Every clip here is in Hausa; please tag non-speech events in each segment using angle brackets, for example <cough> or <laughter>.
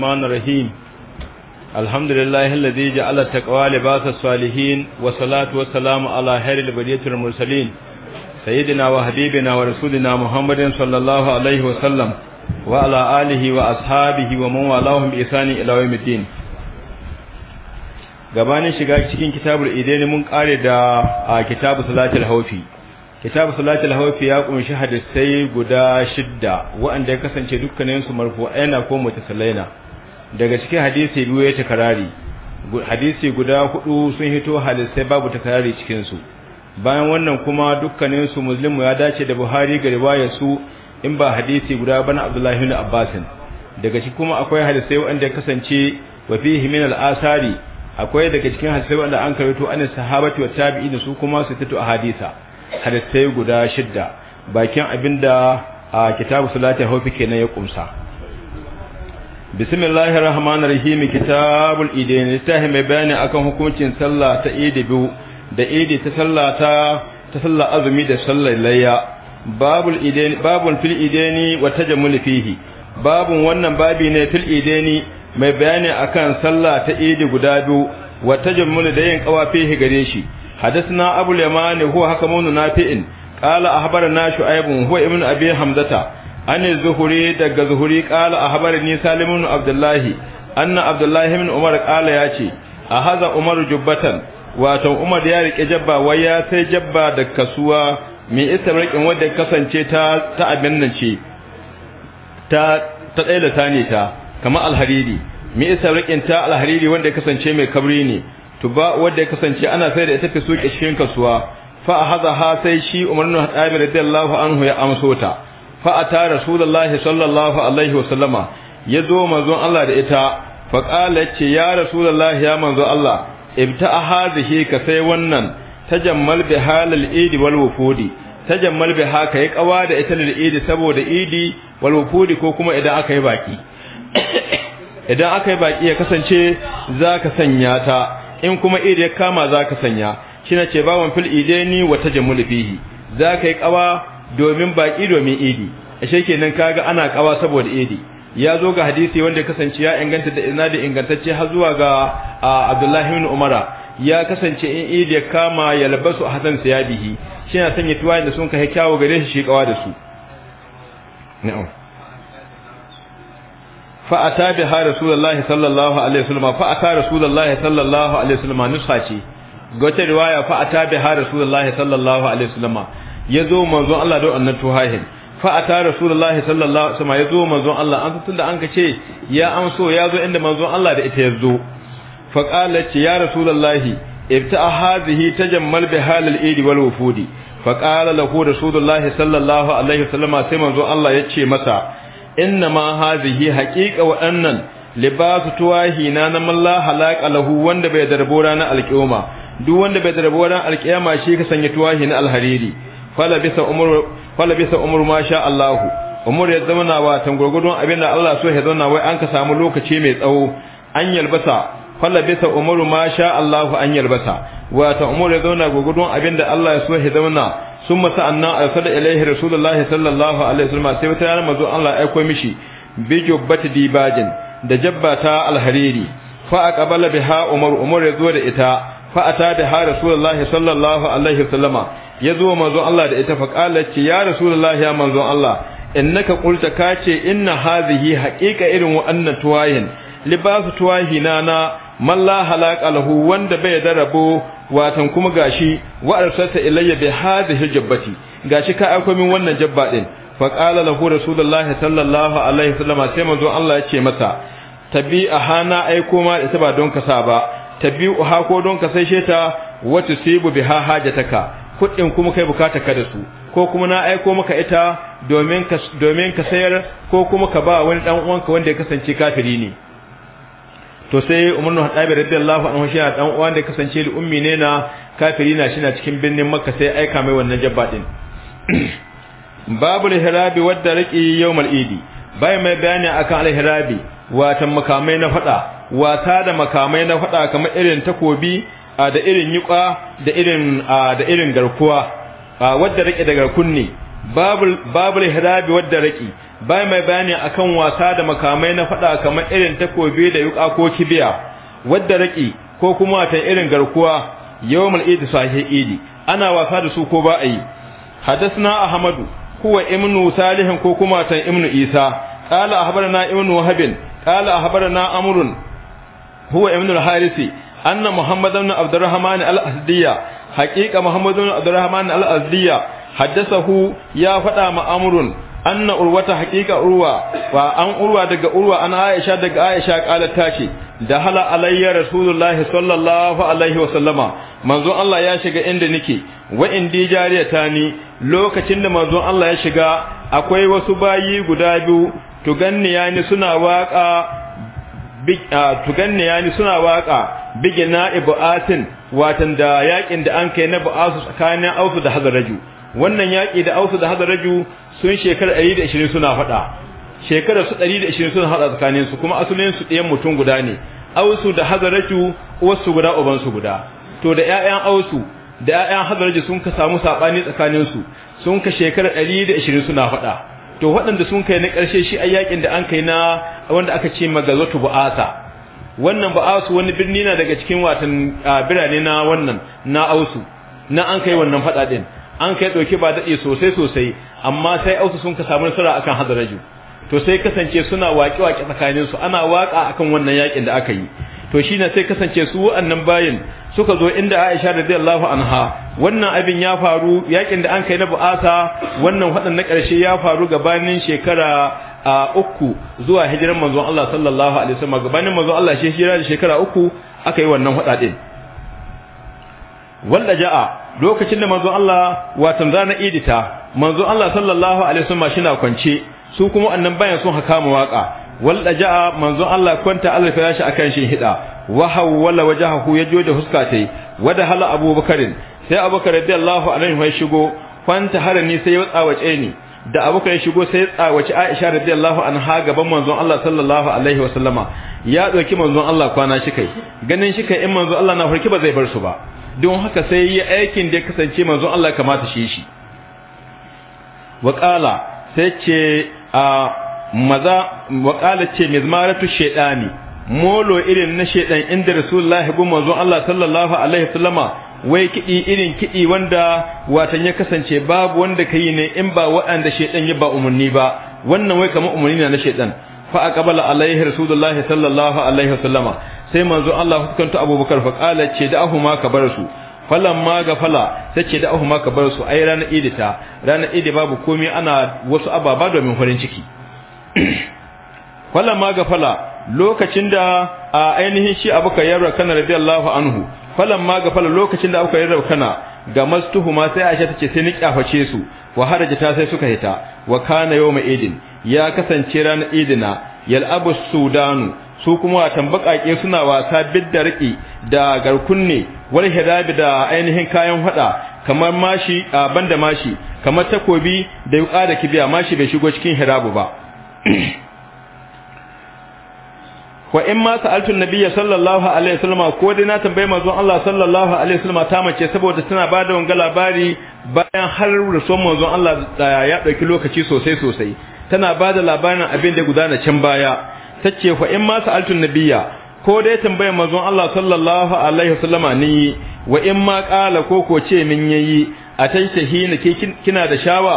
الرحمن الرحيم الحمد لله الذي جعل التقوى لباس الصالحين والصلاة والسلام على خير البرية المرسلين سيدنا وحبيبنا ورسولنا محمد صلى الله عليه وسلم وعلى آله وأصحابه ومن والاهم بإحسان إلى يوم الدين gabanin shiga cikin kitabul idani mun kare da a kitabu salatul hawfi kitabu salatul hawfi ya kunshi hadisai guda shidda waɗanda ya kasance dukkanin su marfu'aina ko mutasallaina daga cikin hadisi biyu ya takarari hadisi guda hudu sun hito halisai babu takarari cikinsu bayan wannan kuma dukkanin su muslimu ya dace da buhari ga riwaya su in ba hadisi guda bana abdullahi ibn Abbas. daga cikin kuma akwai halisai wanda ya kasance wa fihi min al-asari akwai daga cikin halisai wanda an karanto an sahabati wa tabi'in su kuma su a hadisa halisai guda shidda bakin abinda a kitabu salati hafi kenan ya kumsa bismillahir rahmanir rahim kitabul idin littafi mai bayani akan hukuncin sallah ta idi biyu da idi ta ta ta sallah azumi da sallar layya babul idin babun fil idini wannan babi ne fil mai bayani akan sallah ta idi guda biyu wa tajammul da yin kawafihi gare shi hadathna abul yamani huwa hakamun nafi'in qala ahbarana shu'aib huwa ibn abi hamzata Ani zuhuri daga zuhuri A ahbarani salim ibn abdullah anna abdullah ibn umar ya ce. a haza umar jubbatan wato umar ya rike jabba wai sai jabba da kasuwa mai istabrakin wanda kasance ta ta abin nan ta ta tsaye ta ta kamar alhariri mai istabrakin ta alhariri wanda kasance mai kabri ne tuba ya kasance ana sai da ita fi suke cikin kasuwa fa haza ha sai shi umar ibn hadabi radiyallahu anhu ya amso ta fa'ata rasulullahi sallallahu alaihi wasallama ya zo manzon Allah da ita faƙala ce ya rasulullahi ya manzon Allah ibta ahadhihi ka sai wannan tajammal bi halal idi wal wufudi tajammal bi haka yi kawa da ita lil idi saboda idi wal wufudi ko kuma idan aka yi baki <coughs> idan aka yi baki ya kasance zaka sanya ta in kuma idi ya kama zaka sanya shine ce bawon fil ideni wa tajammal fihi zaka yi kawa domin baki domin idi ashe kenan kaga ana kawa saboda idi ya zo ga hadisi wanda kasance ya inganta da da ingantacce har zuwa ga Abdullahi ibn Umara ya kasance in idi ya kama ya labasu hadan siyabihi shi na sanya tuwayen da sun kai kyawu gare shi shi kawa da su na'am fa ata biha rasulullahi sallallahu alaihi wasallam fa ata rasulullahi sallallahu alaihi wasallam nusa ce ga riwaya fa ata biha rasulullahi sallallahu alaihi wasallam ya zo manzon Allah da wannan tuhahin fa ata rasulullahi sallallahu alaihi wasallam ya zo manzon Allah an tun da an ce ya an ya zo inda manzon Allah da ita ya zo fa qala ce ya rasulullahi ibta hadhihi tajammal bi halil idi wal wufudi fa qala lahu rasulullahi sallallahu alaihi wasallam sai manzon Allah ya ce masa inna ma hadhihi haqiqa wa annan libasu tuwahi na na malla halaka lahu wanda bai darbo ranar alkiyama duk wanda bai darbo ranar alkiyama shi ka sanya tuwahi na alhariri falabisa bisa falabisa umar ma sha Allahu umar ya zauna watan gurgudun abinda Allah so ya zauna wai an ka samu lokaci mai tsawo an yalbasa falabisa umar ma sha Allahu an yalbasa watan umar ya zauna gurgudun abinda Allah ya so ya zauna summa sa'anna arsala ilayhi rasulullahi sallallahu alaihi wasallam sai wata ranar mazo Allah ya aiko mishi bi jubbati dibajin da jabbata alhariri fa aqbala biha umar umar ya zo da ita fa ata ha rasulullahi sallallahu alaihi wasallama ya zo manzon Allah da ita faqala ce ya rasulullahi ya manzon Allah innaka qulta kace inna hadhihi haqiqa irin wa'annan tuwahin libasu tuwahina na man la lahu wanda bai darabo watan kuma gashi wa arsalta ilayya bi hadhihi jabbati gashi ka aiko min wannan jabba din faqala lahu rasulullahi sallallahu alaihi wasallam sai manzon Allah ya ce masa tabi ahana aiko ma ita ba don kasa ba tabi'u ha ko don kasai sheta wata sibu biha hajataka kuɗin kuma kai bukata ka da su ko kuma na aiko maka ita domin ka domin ka sayar ko kuma ka ba wani dan uwanka wanda ya kasance kafiri ne to sai Umar bin Khattab radiyallahu anhu shi dan uwan da kasance li ummi ne na kafiri na shi na cikin birnin Makka sai aika mai wannan jabba din <clears throat> babul hirabi wadda riki yawmal idi bai mai bayani akan al hirabi watan makamai na fada wata da makamai na fada kamar irin takobi da irin yuka da irin da irin garkuwa wadda rike da garkun babul babul hirabi wadda rike bai mai bayani akan wasa da makamai na fada kamar irin takobi da yuka ko kibiya wadda rike ko kuma ta irin garkuwa yawmul idi sahih idi ana wasa da su ko ba ai yi hadasna ahmadu huwa ibnu salihin ko kuma ta ibnu isa qala ahbarana ibnu wahbin qala ahbarana amrun huwa ibnu al-harisi anna muhammad ibn ya faɗa ma amrun anna urwata haqiqa urwa wa an urwa daga urwa an aisha daga aisha qalat tace da hala alayya rasulullahi sallallahu alaihi wa sallama manzon Allah ya shiga inda nake wa jariyata ni lokacin da manzon Allah ya shiga akwai wasu bayi guda biyu tuganniya ni suna waka ni suna waka bigina ibu'atin watan da yakin da an kai na bu'asu tsakanin ausu da hazaraju wannan yaki da ausu da hazaraju sun shekara 120 suna fada shekara su 120 suna hada tsakanin su kuma asulin su ɗayan mutum guda ne ausu da hazaraju wasu guda uban su guda to da ƴaƴan ausu da ƴaƴan hazaraju sun ka samu sabani tsakanin su sun ka shekara 120 suna fada to waɗanda sun kai na ƙarshe shi ayyakin da an kai na wanda aka ce magazatu bu'asa wannan ba ausu wani birni na daga cikin watan birane na wannan na ausu na an kai wannan fada din an kai dauke ba dade sosai sosai amma sai ausu sun ka samu nasara akan hadaraju to sai kasance suna waƙe waƙe tsakanin su ana waƙa akan wannan yakin da aka yi to shine sai kasance su wa'annan bayin suka zo inda Aisha radiyallahu anha wannan abin ya faru yakin da an kai na bu'asa wannan hadan na karshe ya faru gabanin shekara uku zuwa hijiran manzon Allah sallallahu alaihi wasallam gabanin manzon Allah shi hijira da shekara uku aka yi wannan hada din wanda ja'a lokacin da manzon Allah watan rana idita manzon Allah sallallahu alaihi wasallam shi na kwance su kuma annan bayan sun haka mu waka wanda ja'a manzon Allah kwanta Allah ya shi akan shi hida wa hawwala wajahu ya jode huska tai wada hala abubakarin sai abubakar radiyallahu anhu ya shigo fanta harani sai ya tsawace ni da abubakar ya shigo sai ya tsawace Aisha radiyallahu anha gaban manzon Allah sallallahu alaihi wasallama ya dauki manzon Allah kwana shi kai ganin shi kai in manzon Allah na farki ba zai bar su ba don haka sai ya aikin da ya kasance manzon Allah kamata shi shi qala sai ce a maza qala ce mizmaratu shaytani molo irin na shedan inda rasulullahi gun manzon Allah sallallahu alaihi wasallama wai kidi irin kidi wanda watan ya kasance babu wanda kai ne in ba waɗanda shedan ya ba umarni ba wannan wai kamar umarni na shedan fa aqbala alaihi rasulullahi sallallahu alaihi wasallama sai manzon Allah huskanta abubakar fa qala ce da ahuma ka bar su falan ma ga fala sai ce da ahuma ka bar su ai ranar idi ta ranar idi babu komai ana wasu ababa domin farin ciki <coughs> falan ma ga fala lokacin da a ainihin shi abu ka yarra kana radiyallahu anhu falan ma ga falan lokacin da abu ka yarra kana ga mastuhu ma sai Aisha tace sai ni kyaface su wa haraja ta sai suka hita wa kana yawma idin ya kasance ranar idina yal'abu sudanu su kuma watan bakake suna wasa bidda riki da garkunne wal hidabi da ainihin kayan hada kamar mashi a banda mashi kamar takobi da yuka da kibiya mashi bai shigo cikin hirabu ba <clears throat> wa in ma sa'altu nabiyya sallallahu alaihi wasallam ko dai na tambaye manzon Allah sallallahu alaihi wasallam ta mace saboda tana bada wanga labari bayan har rasulun manzon Allah ya dauki lokaci sosai sosai tana bada labarin abin da gudana can baya tace fa in ma sa'altu nabiyya ko dai tambaye manzon Allah sallallahu alaihi wasallam ni wa in ma qala ko ko ce min yayi a tantahi na kina da shawa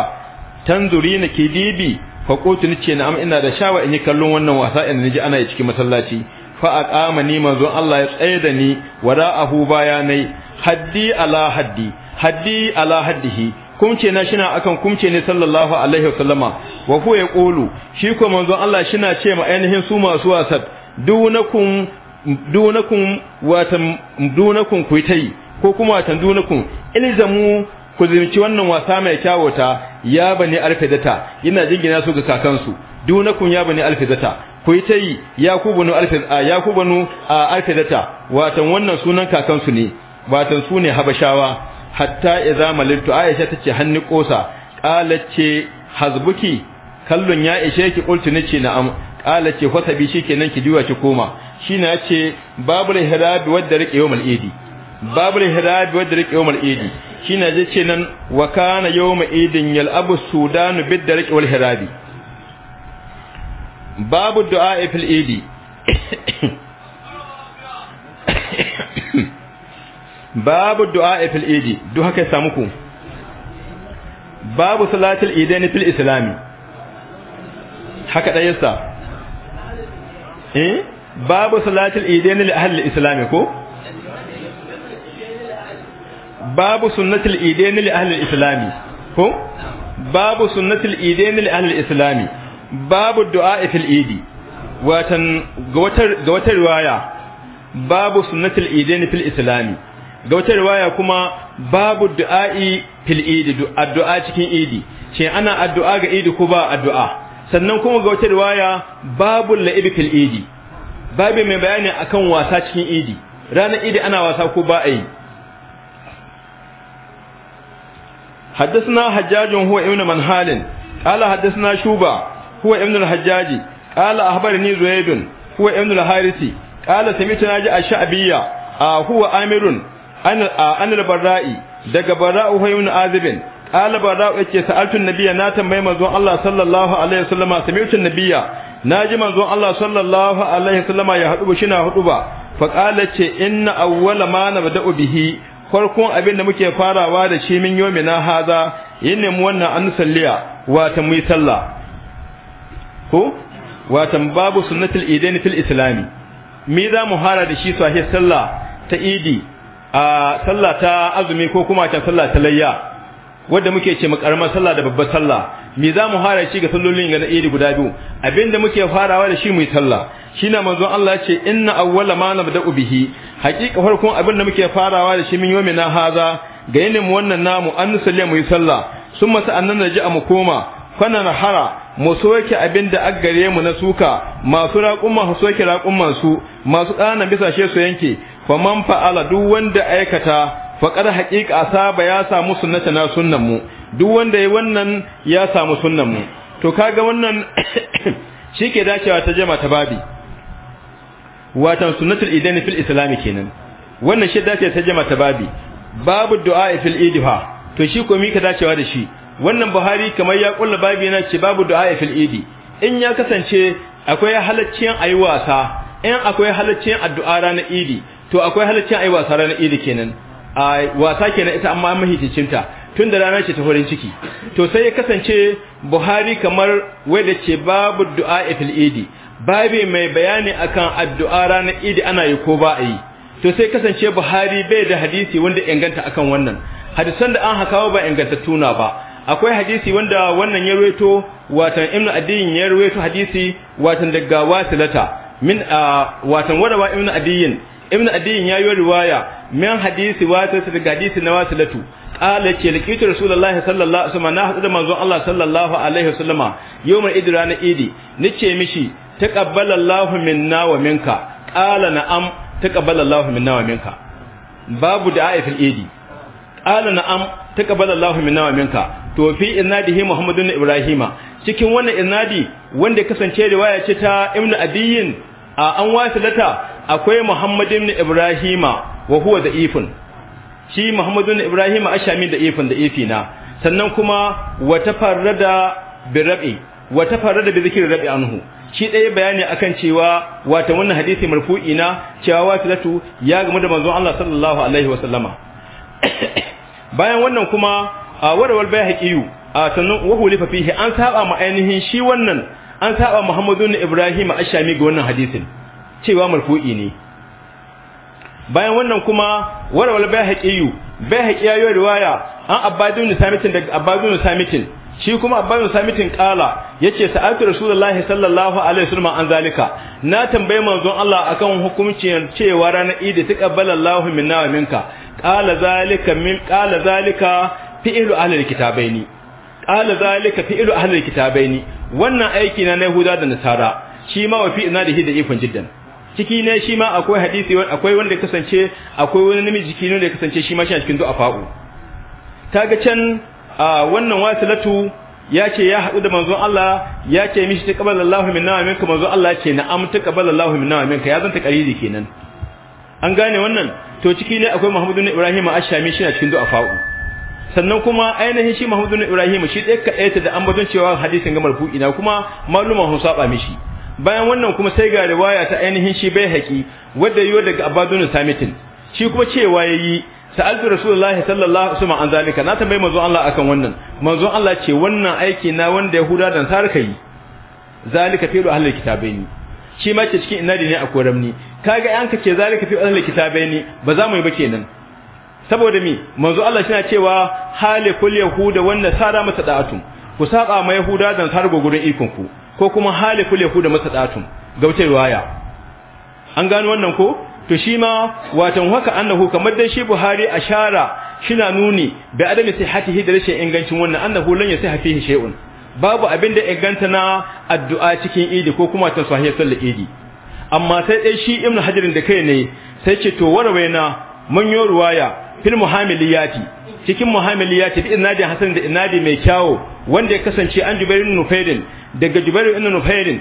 tanzuri na ke dibi fa ni nace na'am ina da shawa in yi kallon wannan wasa in naji ana yi cikin masallaci fa aqama ni manzo Allah ya tsaye da ni wara'ahu bayanai haddi ala haddi haddi ala haddihi kumce na shina akan kumce ne sallallahu alaihi wasallama wa huwa yaqulu shi ko manzo Allah shina ce ma ainihin su masu wasat dunakum dunakum watan dunakum kuitai ko kuma watan dunakum ilzamu ku zinci wannan wasa mai kyawota ya bani alfidata yana jingina su ga kakansu dunakun ya bani alfidata ku yi tayi nu alfidata nu alfidata watan wannan sunan kakansu ne watan su ne habashawa hatta idza malitu aisha tace hannu kosa qalace hazbuki kallon ya ishe ki kulti nace na'am qalace fasabi shikenan ki diwa ki koma shine yace babul hirabi wadda rike yawmal idi babul hirabi wa dariq yawm al shine zai ce nan wa kana idin sudan bid wal babu du'a fil eid babu du'a fil haka samu ku babu salatul idain fil islami haka dai yasa eh babu salatul idain li ahli islami ko babu sunnatul idaini li ahli islami ko babu sunnatul idaini li ahli islami babu du'a fil idi watan ga wata ga wata riwaya babu sunnatul idaini fil islami ga wata riwaya kuma babu du'a'i fil idi addu'a cikin idi shin ana addu'a ga idi ko ba addu'a sannan kuma ga wata riwaya babu la'ibi fil idi babu mai bayani akan wasa cikin idi ranar idi ana wasa ko ba a yi حدثنا حجاج هو ابن منهال قال حدثنا شوبة هو ابن الحجاج قال أخبرني زهيد هو ابن الحارث قال سمعت ناجي الشعبية هو آمر أن البرائي daga bara'u hoyi min azibin qala bara'u yace sa'altu nabiyya na tambaye manzon Allah sallallahu alaihi wasallama sami'tu nabiyya naji manzon Allah sallallahu alaihi wasallama ya hadu shina hadu ba fa qala ce inna awwala ma bihi farkon abin da muke farawa da shi min yomi na haza yin nemi wannan an salliya wata mu yi sallah ko wata babu sunnatul idaini fil islami me za mu hara da shi sahi sallah ta idi a sallah ta azumi ko kuma ta sallah ta layya wanda muke ce mu karamar sallah da babbar sallah me za mu hara shi ga sallolin ga na idi guda biyu abinda muke farawa da shi mu yi sallah shine manzon Allah ce inna awwala ma nabda'u bihi haqiqa farkon abin da muke farawa da shi min na haza ga yinin wannan namu an nusalle mu yi sallah summa sa'annan naji mu koma fana nahara mu soke abin da aggare mu na suka masu raƙumma su soke raƙumman su masu ɗana bisa she su yanke fa man fa'ala duk wanda aikata faqad haqiqa asaba ya samu sunnata na sunnan mu duk wanda yayi wannan ya samu sunnan mu to kaga wannan <coughs> shi ke dacewa ta jama ta babi watan sunnatul idaini fil islam kenan wannan shi dace ta jama ta babi babu du'a fil idha to shi ko mi ka dacewa da shi wannan buhari kamar ya kulla babi yana ce babu du'a fil idi in ya kasance akwai halaccin ayi wasa in akwai halaccin addu'a ranar idi to akwai halaccin ayi wasa ranar idi kenan a wasa kenan ita amma mahicincinta tun da rana ce ta horin ciki to sai ya kasance buhari kamar wai da ce babu du'a fil idi babi mai bayani akan addu'a ranar idi ana yi ko ba a yi to sai kasance buhari bai da hadisi wanda inganta akan wannan hadisan da an hakawa ba inganta tuna ba akwai hadisi wanda wannan ya ruwaito watan ibnu adiyin ya ruwaito hadisi watan daga wasilata min watan wadawa ibnu adiyin ibnu adiyin ya yi riwaya min hadisi wasilata daga hadisi na wasilatu qala ce likitu rasulullahi sallallahu alaihi wasallam na hadu da manzon Allah sallallahu alaihi wasallama yawmul idi ranar idi nace mishi taqabbala Allahu minna wa minka qala na'am taqabbala Allahu minna wa minka babu da'a fil idi qala na'am taqabbala Allahu minna wa minka to fi inadihi Muhammadun Ibrahima cikin wannan inadi wanda kasance riwaya ce ta Ibn Abiyin a an wasilata akwai Muhammadun Ibrahima wa huwa da'ifun shi Muhammadun Ibrahima ashamin da'ifun da'ifina sannan kuma wa tafarrada bi rab'i wa da bi zikri rabi anhu shi ɗaya bayani akan cewa wata wannan hadisi marfu'i na cewa wasilatu ya gama da manzon Allah sallallahu alaihi wa sallama <coughs> bayan wannan kuma a warawal bayhaqiyu a sannan wa hulifa fihi an saba ma ainihin shi wannan an saba ibn Ibrahim Ashami ga wannan hadisin cewa marfu'i ne bayan wannan kuma warawal bayhaqiyu bayhaqiyu ya riwaya an abbadun samitin daga abbadun samitin shi kuma abban samitin kala yace sa'atu rasulullahi sallallahu alaihi wasallam an zalika na tambaye manzon Allah akan hukuncin cewa ranar idi taqabbala Allahu minna wa minka qala zalika min qala zalika fi'lu ahli alkitabaini qala zalika fi'lu ahli alkitabaini wannan aiki na na Yahuda da Nasara shi ma wa fi'na da hidda ikon jiddan ciki ne shi ma akwai hadisi akwai wanda kasance akwai wani namiji kino da kasance shi ma shi a cikin du'a fa'u ta ga can a wannan wasilatu ya ce ya haɗu da manzon Allah ya ce mishi ta kabbala min minna wa minka manzon Allah ce na'am ta kabbala min minna wa minka ya zanta qaridi kenan an gane wannan to ciki ne akwai Muhammadu ibn Ibrahim Ashami shi na cikin du'a fa'u sannan kuma ainihin shi Muhammadu ibn Ibrahim shi ɗaya kaɗai ta da an bazon cewa hadisin ga marfu'i ina kuma maluma sun saba mishi bayan wannan kuma sai ga riwaya ta ainihin shi bai haƙi wadda yiwa daga Abadun Samitin shi kuma cewa yayi sa'altu rasulullahi sallallahu alaihi wasallam an zalika na tambayi manzon Allah akan wannan manzon Allah ce wannan aiki na wanda yahuda dan sar kai zalika fi ahli kitabaini shi ma ce cikin inna ne a koramni kaga an kace ce zalika fi ahli kitabaini ba za mu yi ba kenan saboda mi manzo Allah yana cewa halikul yahuda wannan sara masa da'atun ku saba ma yahuda dan sar gurin ikon ku ko kuma halikul yahuda masa da'atum gauce riwaya an gano wannan ko to shi ma watan haka annahu kamar dai shi Buhari ashara shina nuni da adami hati da rashin ingancin wannan annahu lan yasiha fihi shay'un babu abin da inganta na addu'a cikin idi ko kuma ta sahih sallar idi amma sai dai shi Ibn hajarin da kai ne sai ce to warwayna mun yi ruwaya fil muhamiliyati cikin muhamiliyati da inadi hasan da inadi mai kyawo wanda ya kasance an Jubair nufaidin daga Jubair ibn Nufailin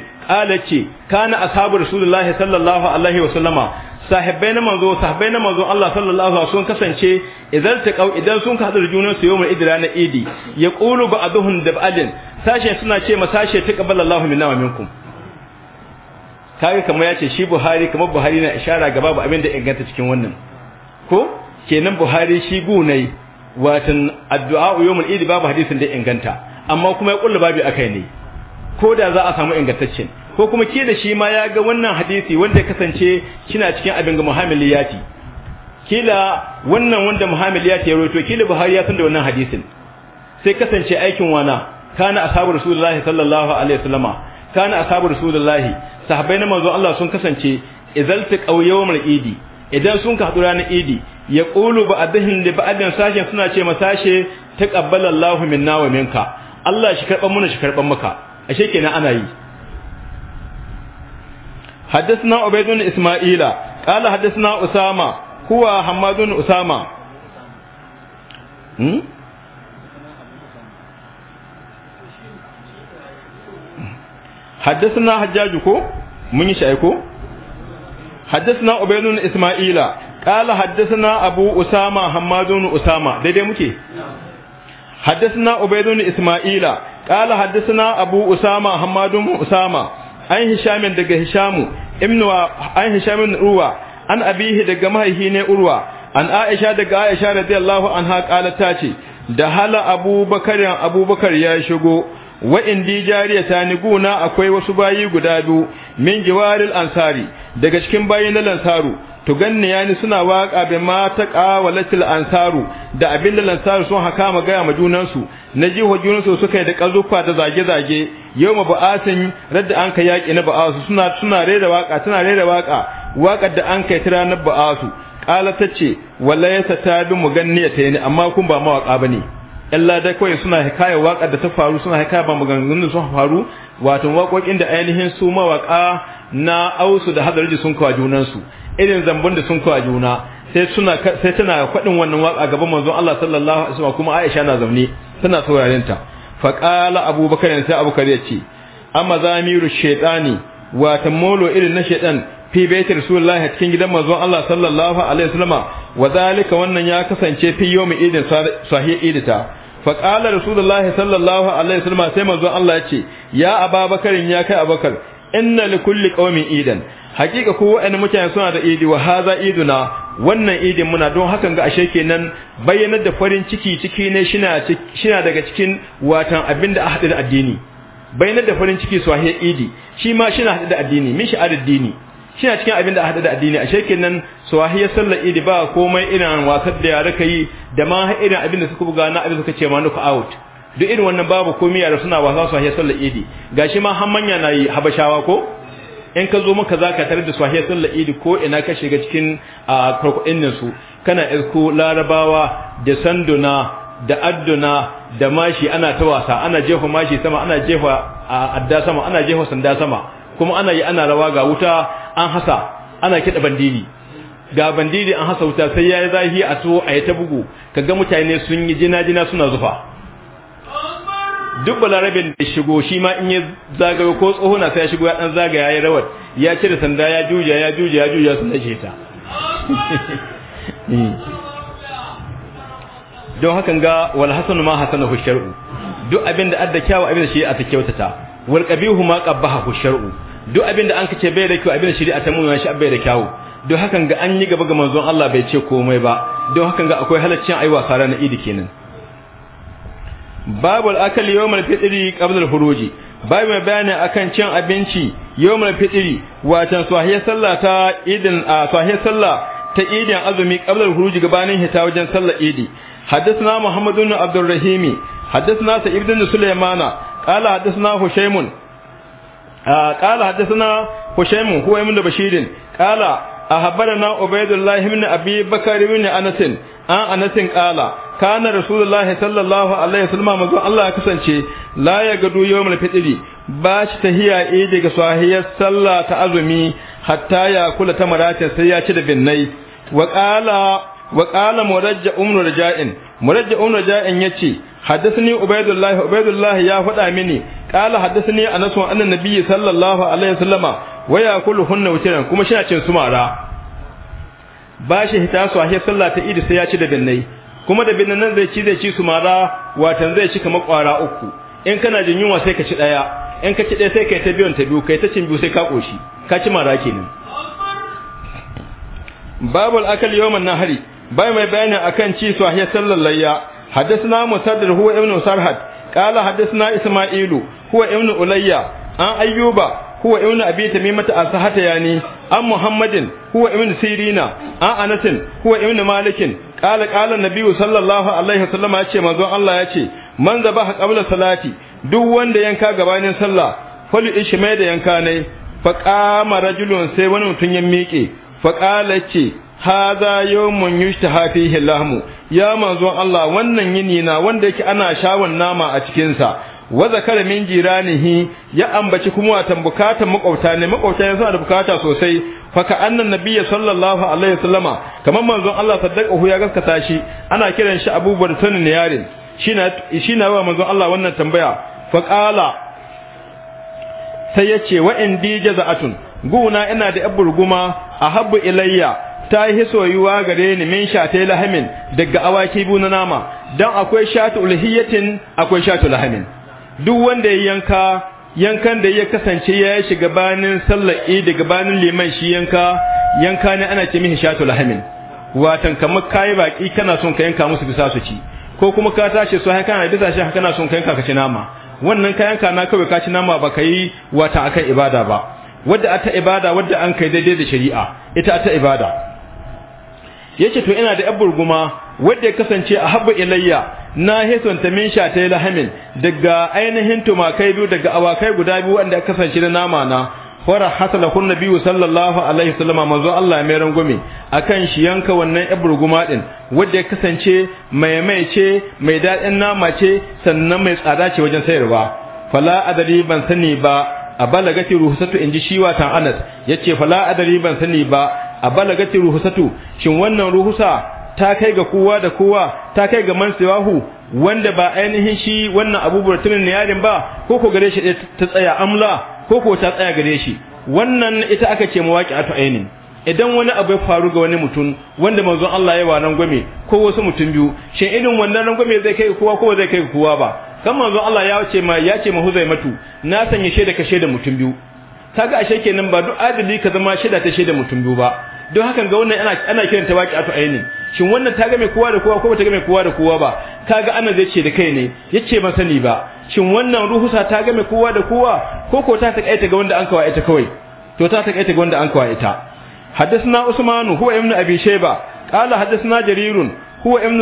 kana ashabu rasulullahi sallallahu alaihi wasallama Sahibbai na manzo sahibbai na manzo Allah sallallahu alaihi wasallam kasance idan kau idan sun ka hadar junan su yawmul idra na idi yaqulu ba'dhum da ba'din sashe suna ce ma sashe taqabbalallahu minna wa minkum kage kamar yace shi Buhari kamar Buhari na ishara ga babu abin da inganta cikin wannan ko kenan Buhari shi gunai watan addu'a yawmul idi babu hadisin da inganta amma kuma ya kullu babu akai ne ko da za a samu ingantaccen ko kuma ke da shi ma ya ga wannan hadisi wanda ya kasance kina cikin abin ga muhamiliyati kila wannan wanda muhamiliyati ya roto kila buhari ya san da wannan hadisin sai kasance aikin wana kana ashabu rasulullahi sallallahu alaihi wasallama kana ashabu rasulullahi sahabbai na manzo Allah sun kasance izalta qawyawmal idi idan sun ka hadura na idi ya qulu ba'dahin li ba'din sashen suna ce masashe taqabbalallahu minna wa minka Allah shi karban muna shi karban maka ashe kenan ana yi حدثنا عبيد بن اسماعيل قال حدثنا اسامه هو حماد بن أسامة حدثنا حجاجكو من شايكو حدثنا عبيد بن اسماعيل قال حدثنا ابو اسامه حماد بن اسامه دي دي مكي حدثنا عبيد بن اسماعيل قال حدثنا ابو اسامه حماد بن اسامه an hishamin daga hishamu ibnu an hishamin urwa an abihi daga mahaihi ne urwa an aisha daga aisha radiyallahu anha qalat ta ce da hala abubakar abubakar ya shigo wa indi jariya ta ni akwai wasu bayi guda biyu min jiwaril ansari daga cikin bayin lansaru To ya tuganniyani suna waka bi ma taqawalatil ansaru da abin da lansaru sun haka gaya ma junansu, na ji junan su suka yi da kazufa da zage zage yau ma ba'asin radda an ka yaki na ba'asu suna suna rera waka suna rera waka wakar da an kai tira na ba'asu qala tace ta satabi muganniyata amma kun ba ba bane illa dai kawai suna hikayar waƙar da ta faru suna hikayar ba maganganun sun faru wato waƙoƙin da ainihin su mawaƙa na ausu da hadarji sun kawo junansu irin zambon da sun kawo juna sai suna sai tana kwadin wannan waka gaban manzon Allah sallallahu alaihi wasallam kuma Aisha na zamne tana sauraren ta fa qala Bakar sai Bakar ya ce amma zamiru shaytani wa tamolo irin na shaytan fi baitir rasulullahi cikin gidan manzon Allah sallallahu alaihi wasallam wa zalika wannan ya kasance fi yawmi idin sahih idita fa qala rasulullahi sallallahu alaihi wasallam sai manzon Allah ya ce ya ababakarin ya kai abakar inna li kulli qaumin idan haqiqa ko wa'annan mutane suna da idi wa haza iduna wannan idin muna don hakan ga ashe kenan bayyanar da farin ciki ciki ne shina shina daga cikin watan abinda a hadin addini bayyanar da farin ciki su idi shi ma shina hadin addini min shi addini shina cikin abin da a hada da addini a kenan nan suwahiyar sallar idi ba komai irin wasar da yare yi da ma irin abin da suka buga na abin suka ce ma nuka out duk irin wannan babu komai yara suna wasa su hayyar sallar idi gashi ma har manya na yi habashawa ko in ka zo maka za ka tare da swahiyar sallar idi ko ina ka shiga cikin a su kana isko larabawa da sanduna da adduna da mashi ana ta wasa ana jefa mashi sama ana jefa adda sama ana jefa sanda sama kuma ana yi ana rawa ga wuta an hasa ana kiɗa bandini ga bandini an hasa wuta sai ya yi zahi a so a yi ta bugu kaga mutane sun yi jina-jina suna zufa duk balarabin da shigo shi ma in ya zagayo ko tsohona sai ya shigo ya dan zagaya ya rawar ya cire sanda ya juja ya juja ya juja sun dace ta eh. don hakan ga wal hasanu ma Hassan shar'u duk abin da adda kyawu abin da shi a ta kyautata wal qabihu ma qabbahu shar'u duk abin da an kace bai da kyau abin da shari'a ta nuna shi bai da kyawu don hakan ga an yi gaba ga manzon Allah bai ce komai ba don hakan ga akwai halaccin aiwa sara na idi kenan babu al'akal yawmal fitri qabla al-khuruj babu mai bayani akan cin abinci yawmal fitri watan sahiya sallah ta idin sahiya sallah ta idin azumi qabla al-khuruj gabanin hita wajen sallah idi hadathna muhammad ibn abdur rahimi hadathna sa ibn sulaymana qala hadathna hushaymun qala hadathna hushaymun huwa ibn bashirin qala أخبرنا عبيد الله بن أبي بكر بن أنس أن أنس قال كان رسول الله صلى الله عليه وسلم مزو الله كسنشي لا يغدو يوم الفطر باش تهيا إيدي كسواهية صلى تأزمي حتى يأكل تمرات سياتي بالني وقال وقال مرجع أم رجاء مرجع أم رجاء يتي حدثني عبيد الله عبيد الله يا فدا مني قال حدثني أنس عن النبي صلى الله عليه وسلم waya kullu hunna wutiran kuma shi na cin su mara ba shi hita su a sallah ta idi sai ya ci da binnai kuma da binnan zai ci zai ci su mara watan zai ci kamar kwara uku in kana jin yunwa sai ka ci daya in ka ci daya sai kai ta biyon ta biyu kai ta cin biyu sai ka koshi ka ci mara kenan babul akal yawman nahari bai mai bayani akan ci su a sallar layya حدثنا مسدد هو ابن سرحد قال حدثنا إسماعيل هو ابن An عن أيوب huwa ibn abi tamimata asahata yani an muhammadin huwa ibn sirina an anasin huwa ibn malikin qala qala nabiyyu sallallahu alaihi wasallam yace manzo Allah yace man zabaha qabla salati duk wanda yanka gabanin sallah fali ishmai da yanka ne fa qama rajulun sai wani mutun ya miƙe fa qala ce haza yawmun yushtaha fihi lahmu ya manzo Allah wannan yini na wanda yake ana shawon nama a cikin sa wa zakara min jiranihi ya ambaci kuma watan bukatan makauta ne makauta yanzu suna da bukata sosai fa ka annan nabiyyi sallallahu alaihi wasallama kamar manzon Allah saddaqahu ya gaskata shi ana kiran shi Abu Bartan ne yarin Shi na wa manzon Allah wannan tambaya fa qala sai yace wa indi jaza'atun guna ina da A ahabbu ilayya ta yi soyuwa gare ni min shate lahamin daga awaki bu na nama dan akwai shatu ulhiyatin akwai shatu lahamin duk wanda ya yanka yankan da ya kasance ya shiga banin sallar Eid gabanin liman shi yanka yanka ne ana ce mihi shatul hamin watan kamar kai baki kana son ka yanka musu bisa su ci ko kuma ka tashi su haka da bisa shi kana son ka yanka ka ci nama wannan ka yanka na kawai ka ci nama ba ka yi wata akan ibada ba wadda ta ibada wadda an kai daidai da shari'a ita ta ibada yace to ina da yar wadda ya kasance a habba ilayya na hisunta min shatai lahamin daga ainihin tumakai biyu daga awakai guda biyu wanda aka kasance da nama na fara hasala kun nabi sallallahu alaihi wasallam manzo Allah mai rangume akan shi yanka wannan ibruguma din wanda ya kasance mai mai ce mai dadin nama ce sannan mai tsada ce wajen sayarwa fala adali ban sani ba a balagati ruhsatu inji shi tan Anas yace fala adali ban sani ba a balagati ruhsatu shin wannan ruhusa ta kai ga kowa da kowa ta kai ga mansiwahu wanda ba ainihin shi wannan abubuwar tunin yarin ba ko ko gare shi ta tsaya amla ko ko ta tsaya gare shi wannan ita aka ce mawaki atu ainin idan wani abu ya faru ga wani mutum wanda manzon Allah ya wanan gwame ko wasu mutum biyu shin irin wannan rangwame zai kai kowa ko zai kai kowa ba kan manzon Allah ya ce ma ya ce ma huzaimatu na sanya shaida ka shaida mutum biyu kaga ashe kenan ba duk adali ka zama shaida ta shaida mutum biyu ba don hakan ga wannan ana ana kiran ta waqi'atu ainin shin wannan ta ga mai kowa da kowa ko bata ga mai kowa da kowa ba kaga annan zai ce da kai ne yace ba sani ba shin wannan ruhusa ta ga mai kowa da kowa ko ko ta takaita ga wanda an kawa ita kawai to ta takaita ga wanda an kawa ita حدثنا عثمان هو ابن أبي شيبة قال حدثنا جرير هو ابن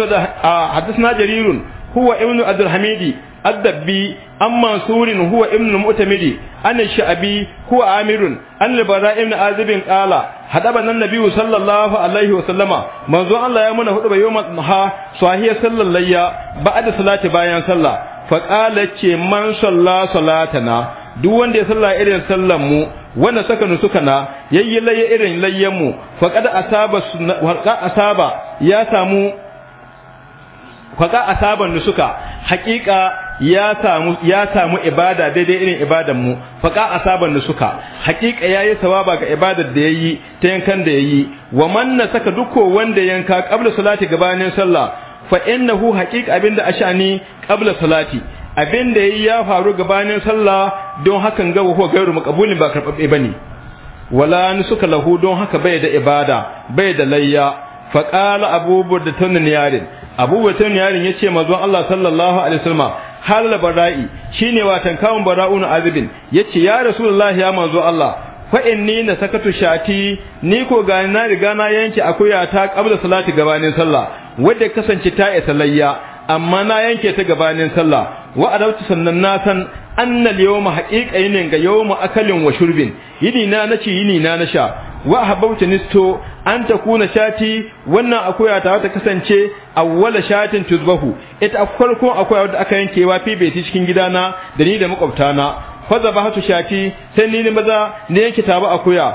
حدثنا جرير huwa ibnu abdul hamidi الدبي أم منصور هو ابن المؤتمد أن الشعبي هو عامر أن البراء ابن عازب قال حدبنا النبي صلى الله عليه وسلم منذ الله يمنى هدب يوم النهى صحيح صلى الله بعد صلاة بيان صلى فقالت من صلى صلاتنا duk wanda ya salla irin sallan mu wanda saka nusuka na yayi laye irin layyan mu faqad asaba asaba ya samu faƙa asaban nusuka haƙiƙa ya samu ya samu ibada daidai irin ibadan mu a asaban nusuka haƙiƙa yayi sawaba ga ibadar da yayi ta yankan da yayi wa man saka duko wanda yanka kabla salati gabanin sallah fa innahu haƙiƙa abinda ashani qabla salati abinda yayi ya faru gabanin sallah don hakan ga wa gairu makabulin ba karbabbe bane wala nusuka lahu don haka bai da ibada bai da layya faqala abu burdatun niyarin abu watan yarin ya ce mazan Allah sallallahu alaihi wasallam halal bara'i shine watan kawun bara'un azibin yace ya rasulullahi ya manzo Allah fa inni na sakatu shati ni ko ga na riga na yanke akuya ta qabla salati gabanin sallah wadda kasance ta isa layya amma na yanke ta gabanin sallah wa adautu sannan na san annal yawma haqiqa yinin ga yawma akalin wa shurbin yini na nace yini na sha. wa habauta nisto an takuna kuna shati wannan akuya ta ta kasance awwala shatin tuzbahu ita kuma akuya wanda aka yankewa fi bai cikin gidana da ni da makwabtana fa zabahatu shati sai ni ne maza ne yanke taba akuya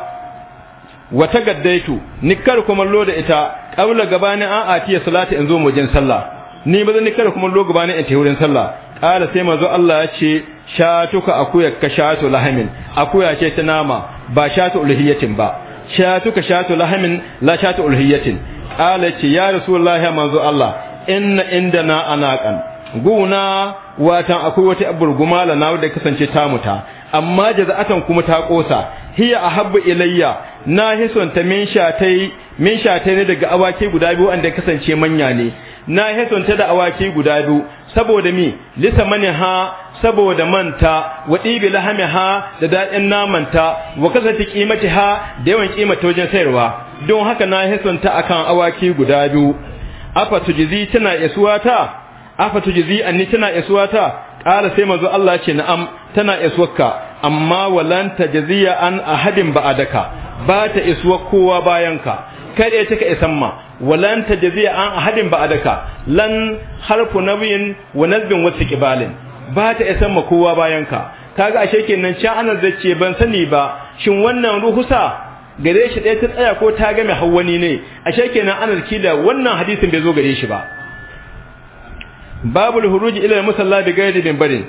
wa tagaddaitu nikkar kuma da ita kaula gabanin an atiya salati in zo mujin sallah ni maza nikkar loda gabanin in tehurin wurin sallah kala sai manzo Allah ya ce shatuka akuya ka shatu lahamin akuya ce ta nama ba shatu ulhiyatin ba shatuka shatu lahamin la shatu ulhiyatin qala ce ya rasulullahi manzo Allah inna indana anaqan guna watan akwai wata burguma la na da kasance ta muta amma jaza'atan kuma ta kosa hiya ahabbu ilayya na ta min shatai min shatai ne daga awaki guda biyu wanda kasance manya ne na ta da awaki guda biyu saboda mi lisa ha saboda manta wa ɗibi lahamiha da daɗin namanta wa kasance ƙimati ha da yawan ƙimata wajen sayarwa don haka na hisanta kan awaki guda biyu afa jizi tana isuwa ta afa tujizi anni tana isuwa ta ƙara sai manzo Allah ce na'am tana isuwarka amma walan tajziya an ahadin ba'adaka ba ta isuwa kowa bayanka kai da ka isan ma walan hadin an ahadin ba'adaka lan harfu nabiyin wa nazbin wasu ƙibalin. ba ta san ma kowa bayan ka kaga ashe kenan can ana da ce ban sani ba shin wannan ruhusa gare shi ɗaya ta tsaya ko ta game hawani ne ashe kenan anas kila wannan hadisin bai zo gare shi ba babul huruji ila musalla bi gairi bin barin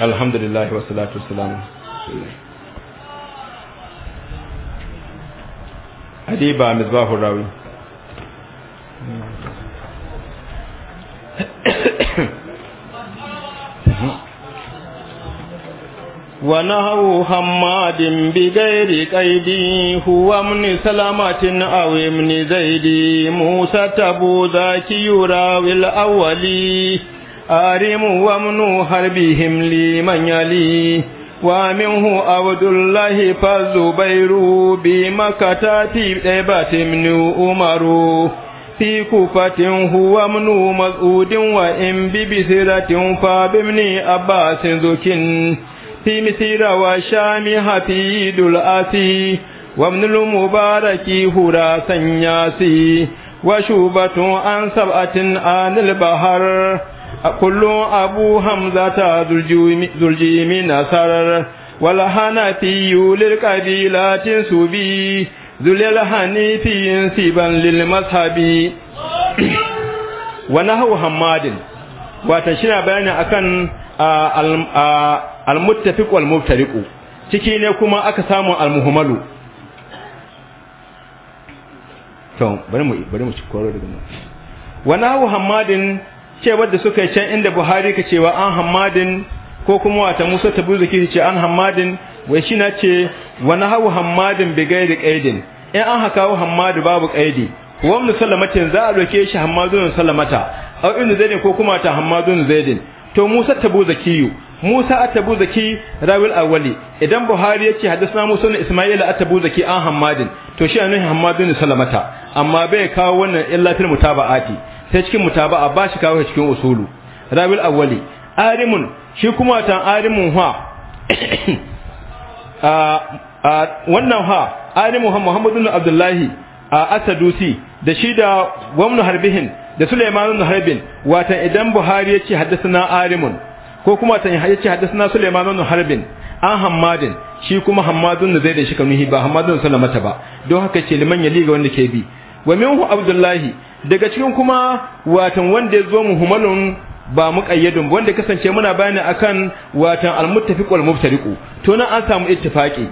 alhamdulillah wa salatu wassalamu adiba mizbahur rawi ونهو حماد بغير قيد هو من سلامة أو من زيد موسى تبو ذاك يراوي الأول آرم ومن حربهم لمن يلي ومنه عبد الله فالزبير بمكتات إبات من أمره في كوفة هو من مسعود وإن ببسرة فبابن أباس زكٍ في مصر وشام حفيد الأسي وابن المبارك هراسا ياسي وشوبة عن سبعة عن البحر كل أبو حمزة ذو الجيم نصر والحنفي للقبيلة سبي ذل الحنيفي سيبا للمذهب ونحو حماد وتشنا بيان أكن المتفق والمفترق ciki ne kuma aka samu almuhmalu to bari mu bari mu cikoro daga nan wa nahu hammadin cewa da suka yi can inda buhari ka cewa an hamadin. ko kuma wata musa ta buzuki ce an hammadin wai shi na ce wani hau hammadin bi gairi kaidin in an haka hau hammadu babu kaidi wa mu sallamatin za a roke shi hammadun sallamata au zai ne ko kuma ta hammadun zaidin to musa ta buzuki Musa Atabu Zaki Rawil Awali idan Buhari yace hadisna Musa ne Isma'il Atabu Zaki an Hammadin to shi anan Hammadin salamata amma bai kawo wannan illa fil mutaba'ati sai cikin mutaba'a ba shi kawo cikin usulu Rawil Awali arimun shi kuma tan arimun ha <coughs> wannan ha alimun ha muhammadun abdullahi a asadusi da shi da gwamnu harbihin da suleimanun harbin watan idan buhari ya ce haddasa arimun. ko kuma tan ya ce haddasa suleimanun harbin an hammadin shi kuma hammadun da zai da shi kanuhi ba hammadun mata ba don haka ce liman yali ga wanda ke bi wa hu abdullahi daga cikin kuma watan wanda ya zo muhammadun ba ba wanda kasance muna bayani akan watan almuttafiq wal muftariqu to nan an samu ittifaqi